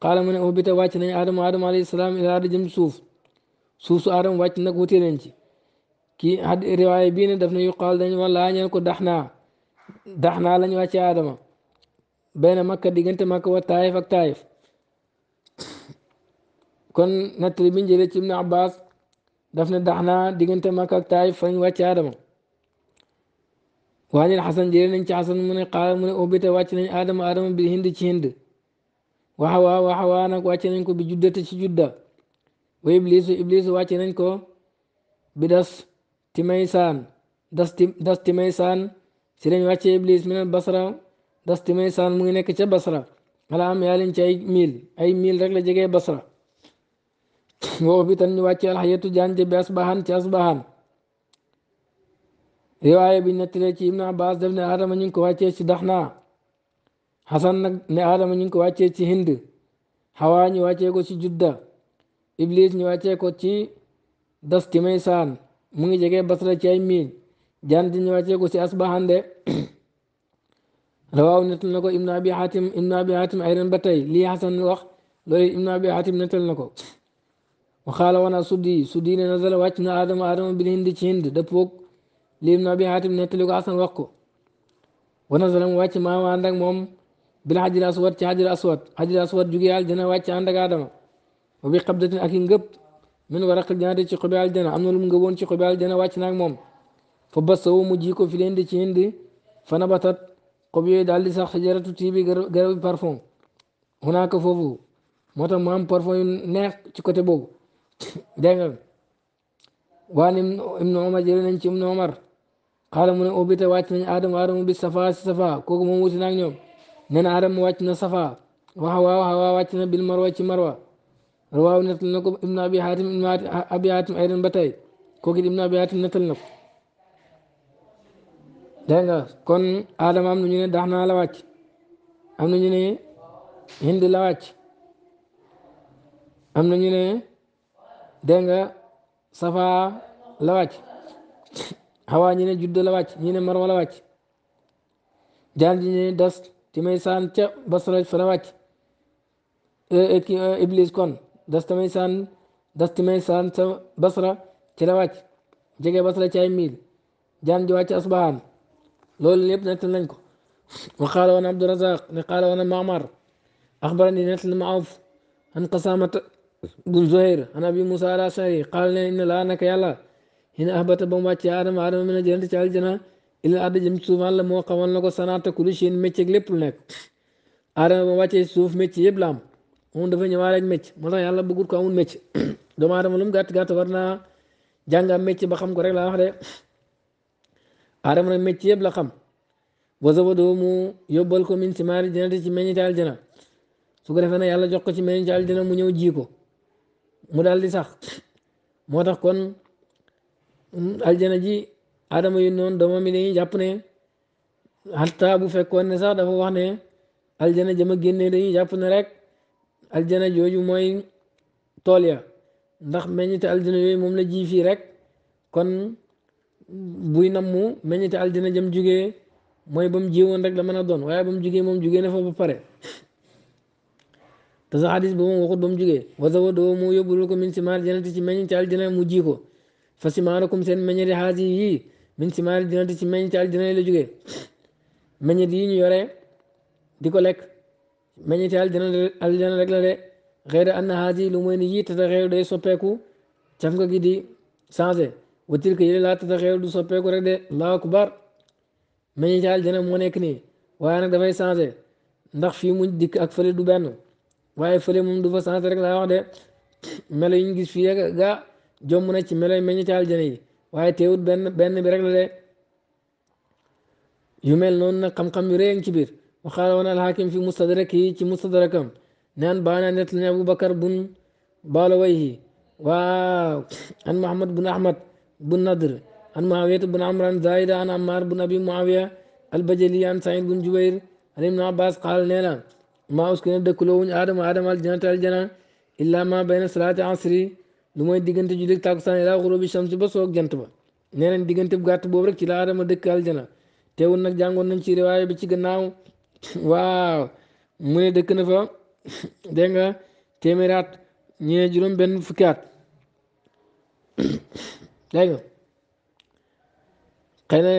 xaala mu ne obita wàcc nañ aadama aadama alayhi salaam ila suuf suuf su aadama wàcc nag wutee nañ ci kii had riwaaya bii ne daf na yuqaal dañ wala ñeen ko dax naa dax naa lañ wàcce aadama benn makka diggante makka wa taayif ak taayif kon nettali bi njële ci ibnu abbas daf na dax naa diggante makka ak taayif fa lañ wàcce aadama waañil xasan jële nañ ci xasan mu ne xaala mu ne obita wàcc nañ aadama aadama bi hind ci hind waxawaa waxawaa nag wàcce nañ ko bi juddate ci judda wa iblisu iblisu wàcce nañ ko bi das timaysaan das das timaysaan si lañ wàcce iblis minal basra das timaysaan mu ngi nekk ca basra ala am yaa leen ci ay mil ay mil rek la jege basra woo bi tan ñu wàcce alxayatu janje bi asbahan ci asbahan riwaaya bi nettalee ci ibnu abbas def ne adama ñu ngi ko wàccee ci daxnaa xasan nag ne aadama ñu ngi ko wàccee ci hind xawaa ñu wàccee ko ci judda iblis ñu wàccee ko ci dasti maysaan mu ngi jege basra ci ay miil jant ñu wàccee ko ci asbaxande rawaaw nettal na ko ibnu abi xaatim ibnu abi lii xasan wax loolu ibnu abi xaatim nettal na ko waxaala wana suddi suddi ne nazala wàcc na aadama aadama bil hind ci hind dëppoog lii ibnu abi xaatim nettali ko xasan wax ko wa mu wàcc maama ànd moom بلا حجر أسود تحجر أسود حجر أسود جوجي على الجنة واتش عندك آدم وبي قبضة أكين قبض من ورق الجنة تي قبال الجنة أمن لم قبون تي قبال الجنة واتش ناك موم فبصو مجيكو في الهند تي هند فنبطت قبية دال لسا خجرة تي بي غرب بارفون هناك فوفو موتا مام بارفون نيخ تي كتة بوغ دنگ وان امن عمر جرن انت امن عمر قال من أوبيت واتش آدم وارم بسفا سفا كوك موموس ناك نيوم nee Adam wàcc na Safa wa Hawa Hawa wàcc na bil Marwa ci Marwa rawaaw nettal na ko Ibnu Abi Hatim Ibnu Abi Hatim aydan ba tey kooku Ibnu Abi Hatim nettal na ko dégg kon Adama am na ñu ne dax naa la wàcc am na ñu ne hind la wàcc am na ñu ne dégg nga safa la wàcc xawaa ñu ne la wàcc ñu ne marwa la wàcc jaar ji ne تمي سان تا بصرة فرمات إيه، إيه، إيه، إبليس كون دستمي سان دستمي سان تا بصرة تلوات جيجي بصرة تاي ميل جان جواتي أصبحان لول لي ابنة لنكو وقال وانا عبد الرزاق وقال وانا معمر أخبرني نتل معوف عن قسامة بن زهير أنا أبي موسى الأشعري قال لي إن الآن كيالا هنا أهبط بمبات يا آدم آدم من جنة تعال جنة ila ardi jëm suuf la moo xamal na ko sanaata kulli shay'in métier ak lépp lu nekk ba wàccee suuf métier yëpp la am moom dafa ñëwaat rek métier moo tax yàlla bëggul ko amul métier doomu aadama lu mu gàtt gàtt war naa jàngaa métier ba xam ko rek laa wax de aadama nag métier yëpp la xam wasabadoo mu yóbbal ko min simaari janati ci meññiti aljana su ko defee ne yàlla jox ko ci meññiti aljana mu ñëw ji mu daal di sax moo tax kon ji adama yu noonu doomam yi dañuy jàpp ne hatta bu fekkoon ne sax dafa wax ne aljana jëma génnee dañuy jàpp ne rek aljana jooju mooy tool ya ndax meññite aljana yooyu moom la ji fii rek kon buy nammu meññite aljana jëm jugee mooy ba mu jiwoon rek la mën a doon waaye ba mu jugee moom jugee ne fa ba pare te sax xadis ba moom waxut ba mu jugee wasa wa doo mu yóbbul ko min simaar janati ci meññite aljana mu ji ko fa simaarakum seen meññite xaasi yii min simaal dina ci meññit dina la jógee meññit yi ñu yore di ko lekk meññit dina aljana rek la de xëy na am lu mooy ni yii tata xew day soppeeku caf nga gi di changé watir ko yële laa tata xew du soppeeku rek de allahu akbar meññit dina moo nekk nii waaye nag dafay changé ndax fii mu dikk ak fële du benn waaye fële moom du fa rek laa wax de melo yi ñu gis fii rek gaa jomm na ci melo meññit dina yi. waaye teewut benn benn bi rek la de yu mel noonu nag xam-xam yu réy ci biir waxaala al alxakim fi mustadrak yi ci mustadrakam naan baana nett la ne abu bakar bun balowayhi waaw an muhammad bun ahmad bun nadr an muawiyat bun amran zaida an ammar bun abi muawiya al bajali an saïd bun jubair an ibnu abbas qaal nee na maa uskina dëkkuloo wuñ aadama aadama aljana te aljana illa ma bayna salaati asri lu mooy diggante jullit tàkkusaan ilaa xurubi bi ba soog jant ba nee nañ diggante bu gàtt boobu rek ci la Adama dëkk aljana teewul nag jàngoon nañ ci riwaaya bi ci gannaaw waaw mu ne dëkk na fa dégg nga téeméeri at ñu ne juróom xëy na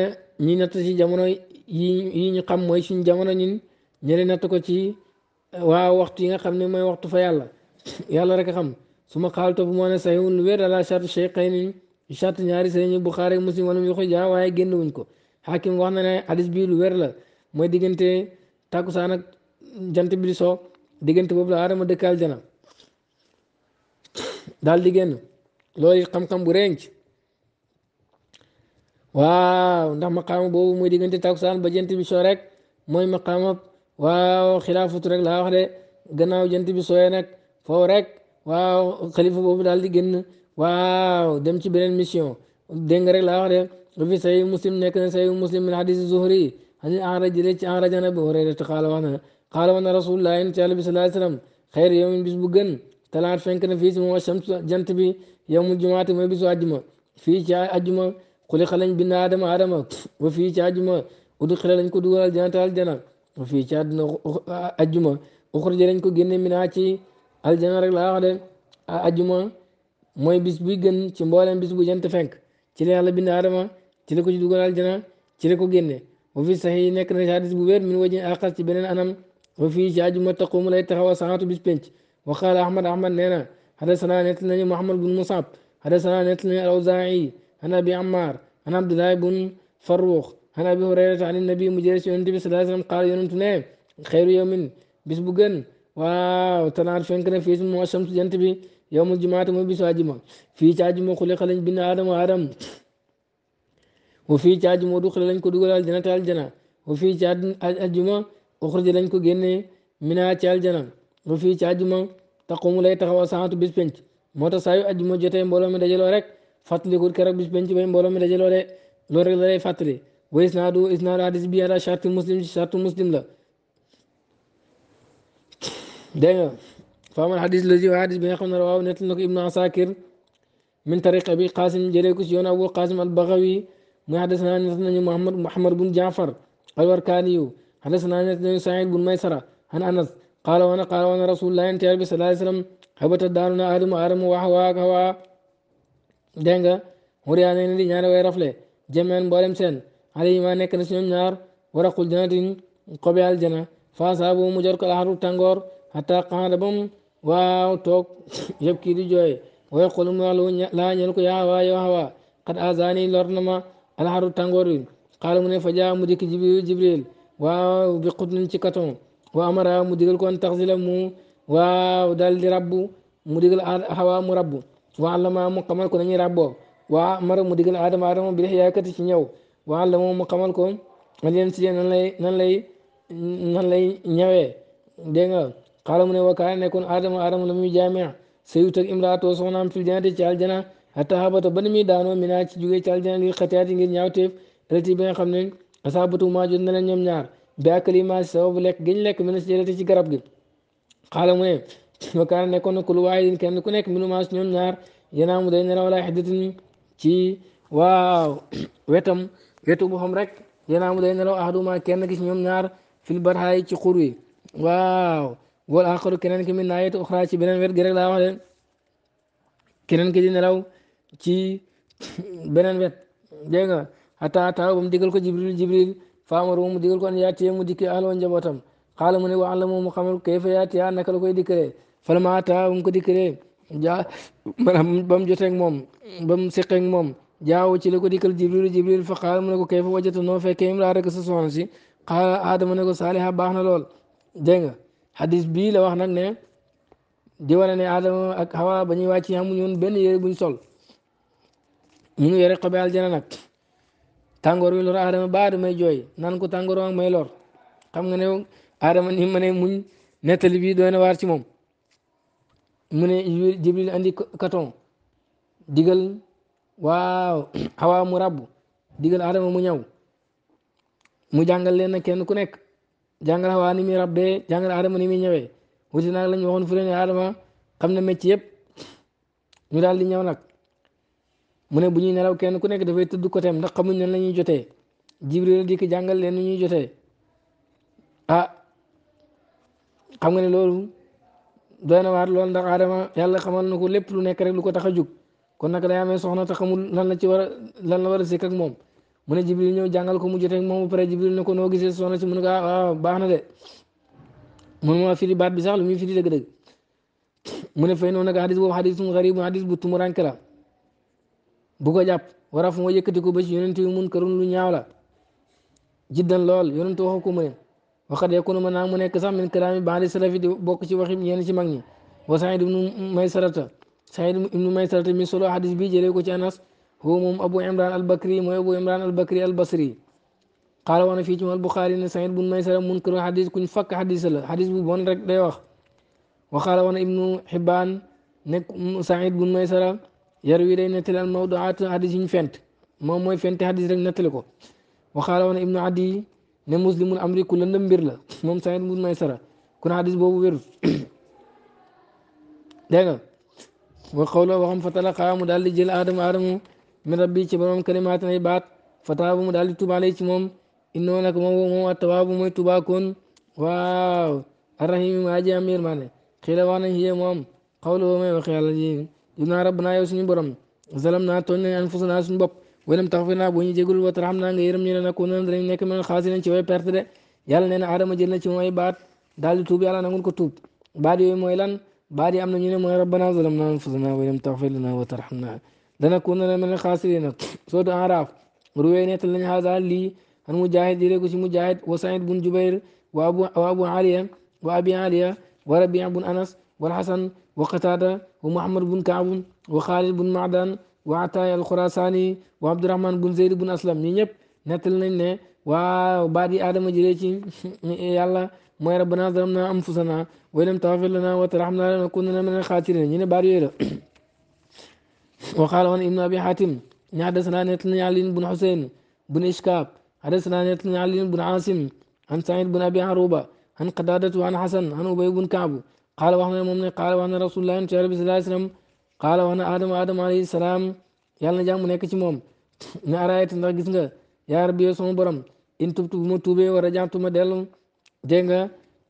ñi natt ci jamono yi ñu xam mooy suñ jamono ñun ñëri natt ko ci waaw waxtu yi nga xam ne mooy waxtu fa yàlla yàlla rek a xam su ma xaal topp moo ne sahihun lu wér ala charte cheikhayni charte ñaari sëriñ yi Buxaari ak Muslim wala mu yoxu jaa waaye génn wuñ ko Hakim wax na ne hadis bii lu wér la mooy diggante takkusaan ak jant bi di so diggante boobu la aadama dëkk aljana daal di génn loolu xam-xam bu renc waaw ndax maqaama boobu mooy diggante takkusaan ba jant bi soo rek mooy maqaama waaw xilaafatu rek laa wax de gannaaw jant bi sooyee nag foofu rek waaw xalifa boobu daal di génn waaw dem ci beneen mission dégg nga rek laa wax de fi sayu muslim nekk na sayu muslim min hadis zuhri hadis araj jële ci araj an abu hurayrata xaala wax na xaala wax na rasulullah in ci àlabi salaa sallam xayr yowmin bis bu gën talaat fenk na fii si moom shams jant bi yowmul jumaati mooy bisu àjjuma fii ci àjjuma xuli xalañ bind aadama aadama wa fii ci àjjuma udu xila lañ ko dugalal janata aljana wa fii ci àdduna àjjuma uxrija lañ ko génne minaa ci aljana rek la wax de aljuma moy bis buy gën ci mbolam bis bu jant fenk ci la yàlla bind adama ci la ko ci dugal aljana ci la ko génne wa fi sax nek na hadith bu wér min wajin aqas ci benen anam wa fi ci taqum lay taxaw saatu bis penc wa khala ahmad ahmad nee na hadasana nett nañu muhammad bin musab hadasana nett nañu al awzaa'i ana bi ammar an abdullahi bin farruux ana bi hurayra an nabi mu jëlee si yonente bi salaa sallam qaala yonentu ne khayru yawmin bis bu gën waaw tanaat fenk na fii moo samsu jant bi yow mu jumaata mooy bisu àjjuma fii ci àjjuma xule xalañ bind aadama aadam wa fii ci àjjuma du lañ ko dugal aljana te aljana wa fii ci àjjuma uxrija lañ ko génne mina ci aljana wa fii ci àjjuma taqumu lay taxaw saatu bis penc moo tax saa yu àjjuma jotee mbooloo mi dajaloo rek fàttalikul keroog bis penc bay mbooloo mi dajaloo de loolu rek la lay fàttali wa isnaadu isnaadu hadis bi ala charti muslim ci muslim la دايما فهم الحديث الذي هو حديث بن يخون رواه نتلنك ابن عساكر من طريق أبي قاسم جريكوس يون أبو قاسم البغوي ما حدثنا نتلنك محمد محمد بن جعفر الوركاني حدثنا نتلنك سعيد بن ميسرة عن أنس قال وأنا قال وأنا رسول الله أنت صلى الله عليه وسلم هبت دارنا آدم آدم وحواء هوا دينغا وريانا ندي نيار ويرفلي جمعن بولم سن علي ما نكنس نيار ورقل جنة قبل الجنة فأصابوا مجرك الأحرب تنغور xataa xaana ba mu waaw toog yëpp kii di jooy waaye xolu mu wax laa ñeen ko yaa waa yow xawa xat azaani lor ma alxaru tàngoor wi mu ne fa jaa mu dikk jibril jibril waaw bi xut nañ ci katon wa amara mu digal kon taxsila mu waaw dal di rabbu mu digal xawa mu rabbu wa ma mu xamal ko nañuy rabboo wa amara mu digal adama adama bi xiyaakati ci ñëw wa allama mu xamal ko alien si nan lay nan lay nan lay xaala mu ne wakkaana nekkoon adama adama la muy jaamee sayut ak imraatoo soxnaam fil jannati ci aljana hatta habata ba ni muy daanoo minaa ci jugee ci aljana li xatiyaat yi ngir ñaawteef alati bi nga xam ne asaabatu maa jot na leen ñoom ñaar bi akli maa sababu lekk giñ lekk min si jëlati ci garab gi xaala mu ne wakkaana nekkoon na kul waaye din kenn ku nekk minu maa si ñoom ñaar yanaa mu day nelaw wala xiddatin ci waaw wetam wetu boppam rek yanaa mu day nelaw ahaduma kenn gis ñoom ñaar ci xur wi waaw والآخر keneen ki min naayatu uxraa ci beneen wet gi rek laa wax de keneen ki di nelaw ci beneen wet dégg nga xataa taaw ba mu digal ko jibril jibril faamaru mu digal ko an yaatiyee mu dikki ahloo njabootam xaala mu ne wa allamu mu xamal kayfa yaatiya naka la koy dikkalee falma taa ba mu ko dikkalee jaa maanaam ba mu joteeg moom ba mu seqeeg moom jaaw ci la ko dikkal jibril jibril fa xaala mu ne ko kayfa wajata noo fekkee imraa rek sa soxna si xaala aadama ne ko saaliha baax na lool dégg nga xadis bii la wax nag ne di wane ne Adama Hawa ba ñuy wàcc amuñu woon benn yére buñ sol ñu ngi yore xobe aljana nag tàngoor wi lor Adama ba Adamay jooy naan ko tàngoor waa may lor xam nga ne Adama ni ma ne muñ nettali bii doy na waar ci moom mu ne Jibril andi katon digal waaw Hawa mu rabbu digal Adama mu ñaw mu jàngal leen na kenn ku nekk. jàngal xawaa ni muy rabbee jàngal aadama ni muy ñëwee wuti naag lañ waxoon fure ne aadama xam na mécc yëpp ñu daal di ñëw nag mu ne bu ñuy nelaw kenn ku nekk dafay tëdd ko tem ndax xamuñ nan la ñuy jotee jibril dikk jàngal leen nu ñuy jotee ah xam nga ne loolu doy na waar loolu ndax aadama yàlla xamal na ko lépp lu nekk rek lu ko tax a jug kon nag day amee soxna te xamul lan la ci war a lan la war a sikk moom mu ne jibril ñëw jàngal ko mu jotee moom ba pare jibril ne ko noo gisee soxna si mun nga ah baax na de mun ma firi baat bi sax lu muy firi dëgg-dëgg mu ne fay noonu nag xadis boobu xadis mu xarib xadis bu tumuranke la bu ko jàpp waraf fu ma yëkkati ko ba ci yonent yu mun karun lu ñaaw la jiddan lool yonent waxu ko mu ne waxat yakunu mën naa mu nekk sax min kalaami baadi salafi di bokk ci waxi ñenn ci mag ñi wa Saïd ibnu Maysarata Saïd ibnu Maysarata mi solo xadis bi jëlee ko ci Anas هو moom Abu Imran al-Bakri mooy Abu Imran al-Bakri al-Basri qaala wax na fii ci moom al-Buxaari ne Saïd bun Maysara munkarul xadis kuñ fakk xadis la xadis bu bon rek day wax wa qaala wax na Ibnu Xibbaan ne Saïd bun Maysara yar wi day nettali al-mawduaat xadis yi ñu fent moom mooy fenti xadis rek nettali ko wa qaala wax na Ibnu Adi ne muslimul amri ku lëndëm mbir la moom Saïd bun Maysara kon xadis boobu wérul dégg nga wa qawla waxam fa talaqaa mu daal di jël aadama aadama min rabbi ci borom kalimaatin ay baat fataabu mu daal di tuba lay ci moom innoo nag moom moom attawaabu mooy tuba koon waaw arrahimi maa ji am yërmande xiila wax nañ hiye moom xawlu woo may waxe yàlla ji dunaa rabbana yow suñu borom zalam naa tooñ nañ anfusana suñu bopp walam taxfir naa boo ñu jégul wa tarxam naa nga yërëm ñu ne nakku na danañ nekk mel xaasirin ci way perte de yàlla nee na aadama jël na ci moom ay baat daal di tuub yàlla nangul ko tuub baat yooyu mooy lan baat yi am na ñu ne mooy rabbana zalam naa anfusana walam taxfir naa dana ku ne mel ne xaasiriina sootu Araaf ruwee nettal nañ haza lii an Mujaahid jëlee ko ci Mujaahid wa Saïd bun Jubayr wa Abu Aliya wa Abi Aliya wa Rabia bun Anas wal Hasan wa Qataada wa Muhammad bun Kaab wa Xaalid bun Maadan wa Ataay al Xurasaani wa Abdurahman bun Zeyd bun Aslam ñi ñëpp nettal nañ ne waaw baat yi Adama jëlee ci yàlla mooy a zalamna anfusana wa illam taghfir lana wa tarhamna lanakunanna minal xaasiriin ñu ne baat yooyu la وقال وانا ابن ابي حاتم ني حدثنا نتلني علي بن حسين بن اشكاب حدثنا نتلني علي بن عاصم عن سعيد بن ابي عروبه عن قدادة عن حسن عن ابي بن كعب قال وانا المؤمن قال وانا رسول الله صلى الله عليه وسلم قال وانا ادم ادم عليه السلام yàlla na jàmm nekk ci moom ne araayati ndax gis nga yaa rabbi sama borom in tubtu bu ma tuubee war a jaxtu ma dellu dégg nga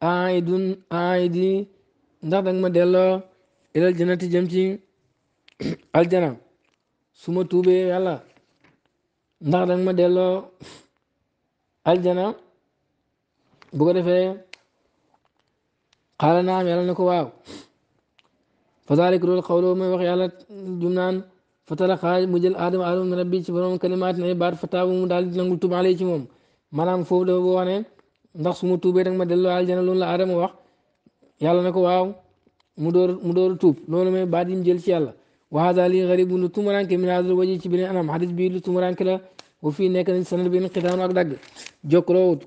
aay dun aay di ndax danga ma delloo ilal jannati jëm ci aljana su ma tuubee yàlla ndax danga ma delloo aljana bu ko defee xaala naam yàlla na ko waaw fa dalik loolu xawloo mooy wax yàlla jum naan fatalaxaa mu jël aadama aadama min rabbi ci borom kalimaat ay baat fataabu mu daal di nangul tuub alay ci moom maanaam foofu dafa boo ndax su ma tuubee danga ma delloo aljana lool la aadama wax yàlla na ko waaw mu door mu door tuub loolu mooy baat yi mu jël ci وهذا لي غريب انه تمرانك من هذا الوجه تبين انا ما حدش بيقول لا وفي نيك الانسان بين قدام اقدق جوك رود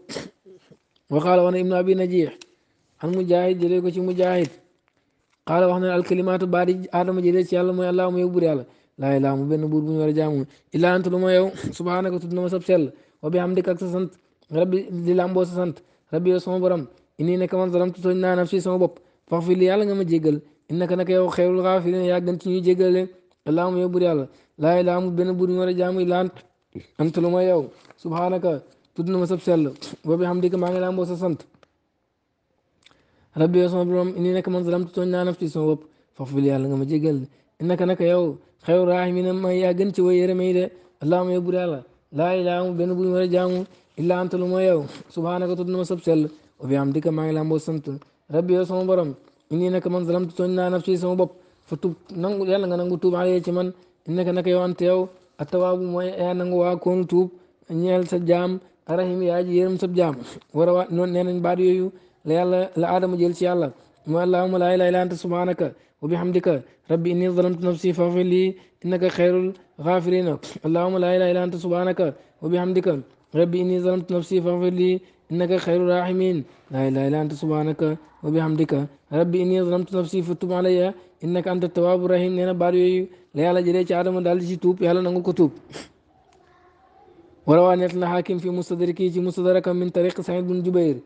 وقال وانا ابن ابي نجيح عن مجاهد جليك وشي مجاهد قال وانا الكلمات باري ادم جليك يا الله الله ما يبري الله لا اله الا بن بور بن ولا جامو الا انت لما يو سبحانك وتدنا ما سبسل وبحمدك اكسسنت ربي دي لامبو سنت ربي يسمو برم اني نك من ظلمت سنا نفسي سمو بوب فغفر لي الله ما جيغل innaka naka yow xeyrul xaafiriin yaa gën ci ñuy jéggale allahuma laa ilaaha benn bur ñu war a jaamu ma yow subhaanaka tudd na ma sab sell wa bihamdika maa ngi sa sant rabbi yow sama borom inni naka man zalamtu tooñ naa nafsi sama bopp faxfir yàlla nga ma jégal innaka naka yow xeyrul raahimiin ma yaa gën ci way yërëm yi de allahuma yow bur yàlla laa ilaaha amul benn bur ñu war a jaamu illa anta lu ma yow subhaanaka tudd na ma sab sell wa bihamdika maa ngi laa mboo sant rabbi yow sama borom inni naka man zalamtu tooñ naa nafsi sama bopp fa tub nangu yàlla nga nangu tuub alayya ci man innaka naka yow ante yow attawaabu mooy yaa nangu waa koonu tuub ñeel sa jaam arahim yaa ji yërëm sa jaam war a waa noonu nee nañ baat yooyu la yàlla la aadama jël ci yàlla mooy allahumma laa ilaaha illa anta subhanaka wa bihamdika rabbi inni zalamtu nafsi faghfir li innaka xayrul ghaafiriin allahumma laa ilaaha illa anta subhanaka wa bihamdika rabbi inni zalamtu nafsi faghfir li innaka xayru rahimin laa ilaaha illa anta subhanaka wa bihamdika rabbi inni zalamtu nafsi fatub alayya innaka anta tawaabu rahim nee na baat yooyu la yàlla jëlee ci aadama daal di ci tuub yàlla nangu ko tuub wala waa net na xaakim fi mustadriki ci mustadraka min tariq saïd bun jubayr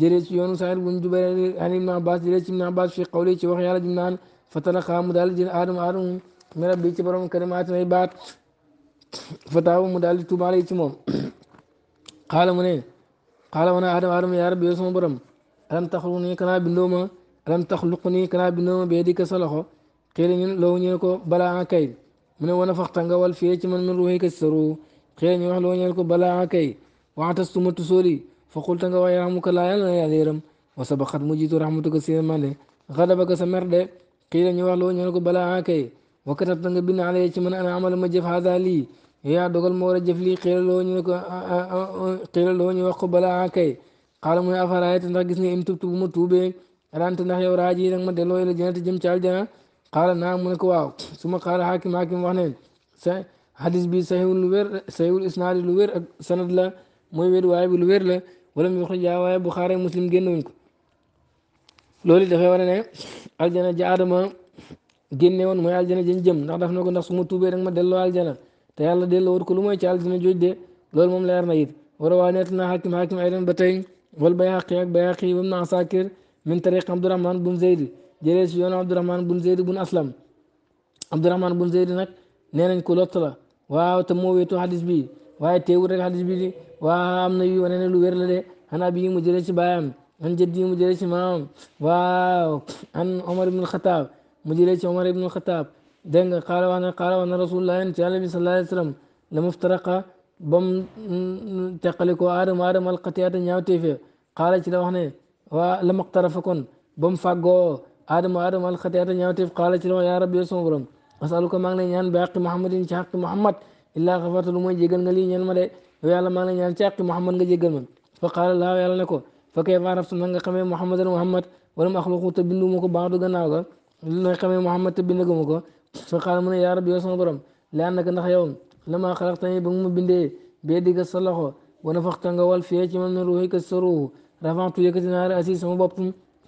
jëlee ci yoonu saïd bun jubayr an ibn abbas jëlee ci ibn abbas fi qawli ci wax yàlla jim naan fatalaqa mu daal di jël aadama aadama min rabbi ci borom kalimaat nay baat fataawu mu daal di tuubaale ci moom xaala mu ne xaala wana adama adama yaa rabbi yow sama borom alam taxlu nii kanaa bindoo ma alam taxluq nii kanaa bindoo ma bee dikk sa loxo xëy na ñun loo ñeen ko balaa kay mu ne wana faxta nga wal fii ci man min ka sa ruu na ñu wax loo ñeen ko balaa kay waxtas tuma tusooli fa xulta nga wax yarhamuka laa yàlla na yàlla yërëm wa sabaxat mu jiitu sa mer de xëy na ñu wax loo ñeen ko balaa kay wa katabta nga bind alayya ci man ana amal ma jëf hada lii yaa dogal moo war a jëf lii xéeral loo ñu ko xéeral loo ñu wax ko balaa kay xaaral mu ne afaraayet ndax gis nga im tubtu ما ma tuubee rante ndax yow جنا قال nag ma delloo la jënate jëm ci aljana xaaral naa mu ne ko waaw su ma xaaral xaakim xaakim wax ne sa hadis bi saxiwul lu wér saxiwul isnaadi lu wér ak sanad la mooy wér waaye bi lu wér la wala mu yoxta jaa waaye buxaari ak muslim génnewuñ ko loolu it dafay war a ne aljana ja te yàlla delloo war ko lu moy ci dina jooju de loolu moom leer na it warawaa net na xakim xakim aydan ba tey wal bayhaqi ak bayhaqi wam na asakir min tariq abdourahman bun zeydi jere si yoon abdourahman bun zeydi bun aslam abdourahman bun zeydi nak nee ko lott la waaw te moo wéetu xadis bi waaye teewul rek xadis bi di waaw am na yu wane ne lu wér la de xanaa bi mu jere ci bayam an jëddi mu jere ci maam waaw an omar ibn alxataab mu jere ci omar ibn alxataab دين قال وانا قال وانا رسول الله ان صلى الله عليه وسلم لمفترقه بم تقلكو ارم ارم القتيات نياوتي في قال تي واخني وا لم اقترفكن بم فاغو ارم ارم القتيات نياوتي في قال تي يا ربي سوبرم اسالك ما نغني نيان باقي محمد ان حق محمد الا غفرت لما جيغل نغلي نيان ما دي يالا ما نغني نيان حق محمد نغ جيغل ما فقال لا يالا نكو فكيف عرفت نغ خمي محمد محمد ولم اخلقه تبنو مكو بعدو غناغا نغ خمي محمد تبنو مكو fa qaala mu ne yaa rabbi yow sama borom laan naka ndax yow lama xalaqtani ba mu bindee bee digga sa loxo wa nafaxta nga wal fee ci man min ruuxika sa ruuxu rafantu yëkkati naa raasi sama bopp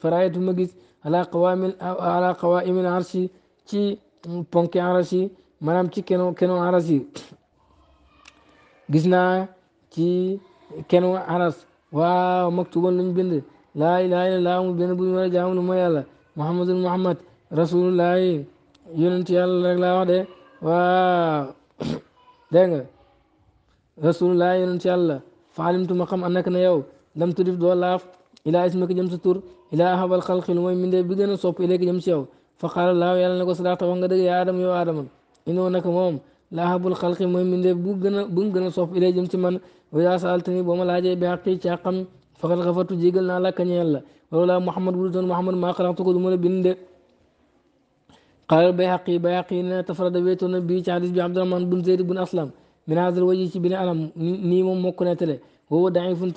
faraayatu ma gis ala qawaamil ala qawaamil ci ponki arshi maanaam ci keno keno arshi gis naa ci keno aras waaw maktuban luñ bind laa ilaaha illallaah mu benn bu ñu war a jaamu lu mooy yàlla muhammadun muhammad yonent yàlla rek laa wax de waaw dégg nga rasulullah yonent yàlla faalimtu ma xam annaka ne yow lam tudif doo laaf ilaa ismaka jëm sa tur ilaa habal xalqi lu mooy mindee bi a sopp ilayka jëm si yow fa qaala laaw yàlla ne ko sadaqta wax nga dëgg yaa adama yow adama inoo naka moom laa habul xalqi bu gën a bu gën a man wa yaa saaltani ma laajee bi xaqi ci àqam faqad xafartu naa la kañeel la Muhammad bu dutoon Muhammad maa xalaxtu ko du la binde قال البيهقي بيهقي إن تفرد بيت النبي حديث بعبد الرحمن بن زيد بن أسلم من هذا الوجه ci bi ne anam nii moom mokk na tele woowu daifun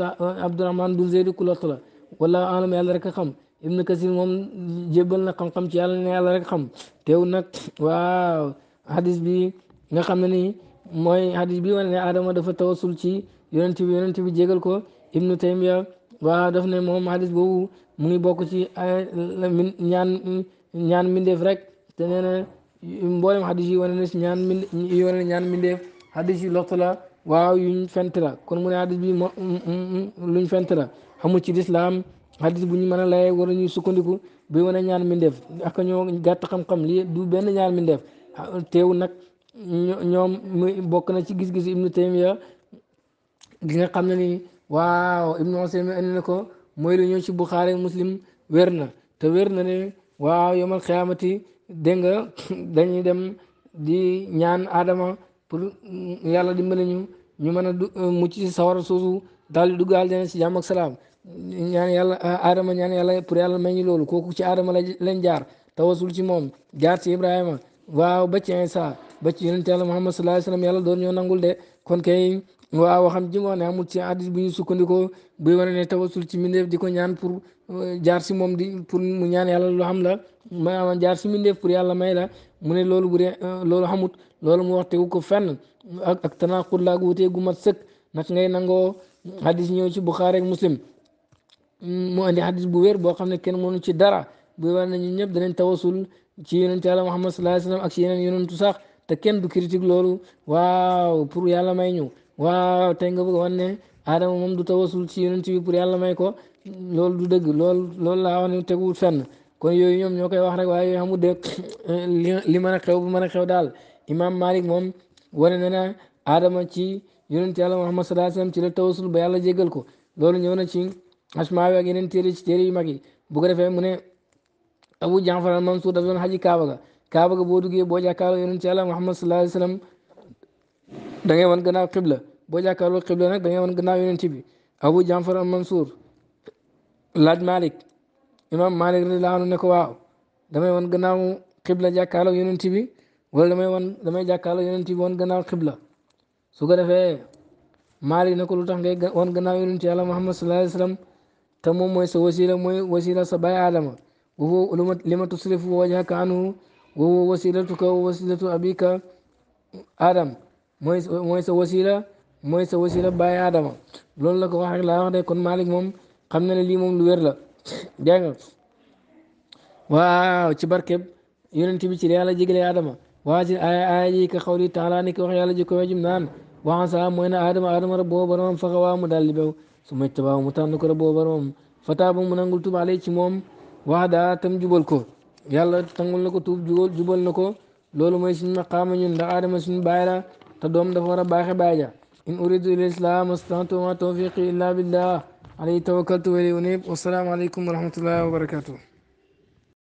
Abdurahman bun Zeydi ku lott la wala anam yàlla rek a xam Ibn Kasir moom jébbal na xam-xam ci yàlla ne yàlla rek xam teew nag waaw hadis bi nga xam ne nii mooy hadis bi wane ne Adama dafa tawasul ci yonent bi yonent bi jégal ko Ibnu Taymiya waaw daf ne moom hadis boobu mu ngi bokk ci ñaan ñaan mbindeef rek te nee na mboolem xadis yi wane na si ñaan mbind yi wane na la waaw yuñ fent la kon mu ne xadis bi mm, mm, mm, luñ fent la xamul ci lislam xadis bu ñu mën a layee wala ñuy sukkandiku bi wane ñaan mbindeef ak ñoo gàtt xam-xam lii du benn ñaan mbindeef teew nag ñoom bokk na ci gis-gis ibnu taymiya gi nga xam ne ni waaw ibnu usaymin indi ko mooy lu ñëw ci buxaari muslim wér na te wér na ne waaw yomal dégg nga dañuy dem di ñaan Adama pour yàlla dimbali ñu ñu mën a euh, mucc ci sawara soosu daal di dugg aljana ci jàmm ak salaam ñaan yàlla euh, Adama ñaan yàlla pour yàlla may ñu loolu kooku ci Adama lañ jaar tawasul ci moom jaar ci Ibrahima waaw ba ci Isa ba ci yonent yàlla Muhammad sallallahu alayhi wa sallam yàlla doon ñoo nangul de kon kay waaw xam ji nga wax ne amul ci hadiis bu ñu sukkandikoo buy wane ne tawasul ci mbindeef di ko ñaan pour. jaar si moom di pour mu ñaan yàlla lu xam la maanaam may la mu ne loolu bu dee euh, loolu xamut loolu mu wax tegu ko fenn ak ak tanaqul la wutee gu mat sëkk nag ngay nangoo xadis ñëw ci Buxaari ak Muslim mu andi xadis bu wér boo xam ne kenn nu ci dara bu war na ñun ñëpp danañ tawasul ci yonent yàlla Muhammad sallallahu alayhi wa sallam ak ci yeneen yonentu sax te kenn du critique loolu waaw pour yàlla may ñu waaw tey nga bëgg wan ne Adama moom du tawasul ci yonent bi pour yàlla may ko loolu du dëgg loolu loolu laa wax ne teguwul fenn kon yooyu ñoom ñoo koy wax rek waaye yooyu amul dëgg li mën a xew bu mën a xew daal imam Malik moom wane na ne aadama ci yonent yàlla Muhammad sala sallam ci la tawasul ba yàlla jégal ko loolu ñëw na ci asmaawi ak yeneen téere ci téere yu mag yi bu ko defee mu ne Abu janfar al mansour dafa doon xaji Kaaba ga Kaaba ga boo duggee boo jàkkaaro yonent yàlla Muhammad sala alayhi wasallam da ngay wan gannaaw xibla boo jàkkaarloo xibla nag da ngay wan gannaaw yonent bi Abu janfar al mansour laaj Malik imaam Malik radiyallaahu anhu ne ko waaw damay wan gannaaw xibla jàkkaarloo yonent bi wala damay wan damay jàkkaarloo yonent bi wan gannaaw xibla su ko defee Malik ne ko lu tax ngay wan gannaaw yonent yàlla Muhammad sallallaahu alayhi wa te moom mooy sa wasila mooy wasila sa baay Aadama wa lima tusrifu wajhaka anhu wa wasilatuka wa wasilatu abika Adam mooy mooy sa wasila mooy sa wasila baay Aadama loolu la ko wax ak laa wax de kon Malik moom. xam na ne lii moom lu wér la dégg nga waaw ci barkeb yonent bi ci la yàlla jégalee Adama waa ci ay ay yi ka xawli taala ni ko wax yàlla ji ko wajum naan waxaan saa mooy na Adama Adama rek boo boromam faxa waa mu daal di bew su ma tabaaw mu tànn ko rek boo boromam fataa mu nangul tuub ale ci moom wax daa tam jubal ko yàlla tangul na ko tuub jubal na ko loolu mooy suñu maqaama ñun ndax Adama suñu baay la te doom dafa war a baaxe in uridu ila islam astantu عليه توكلت وإليه أنيب والسلام عليكم ورحمة الله وبركاته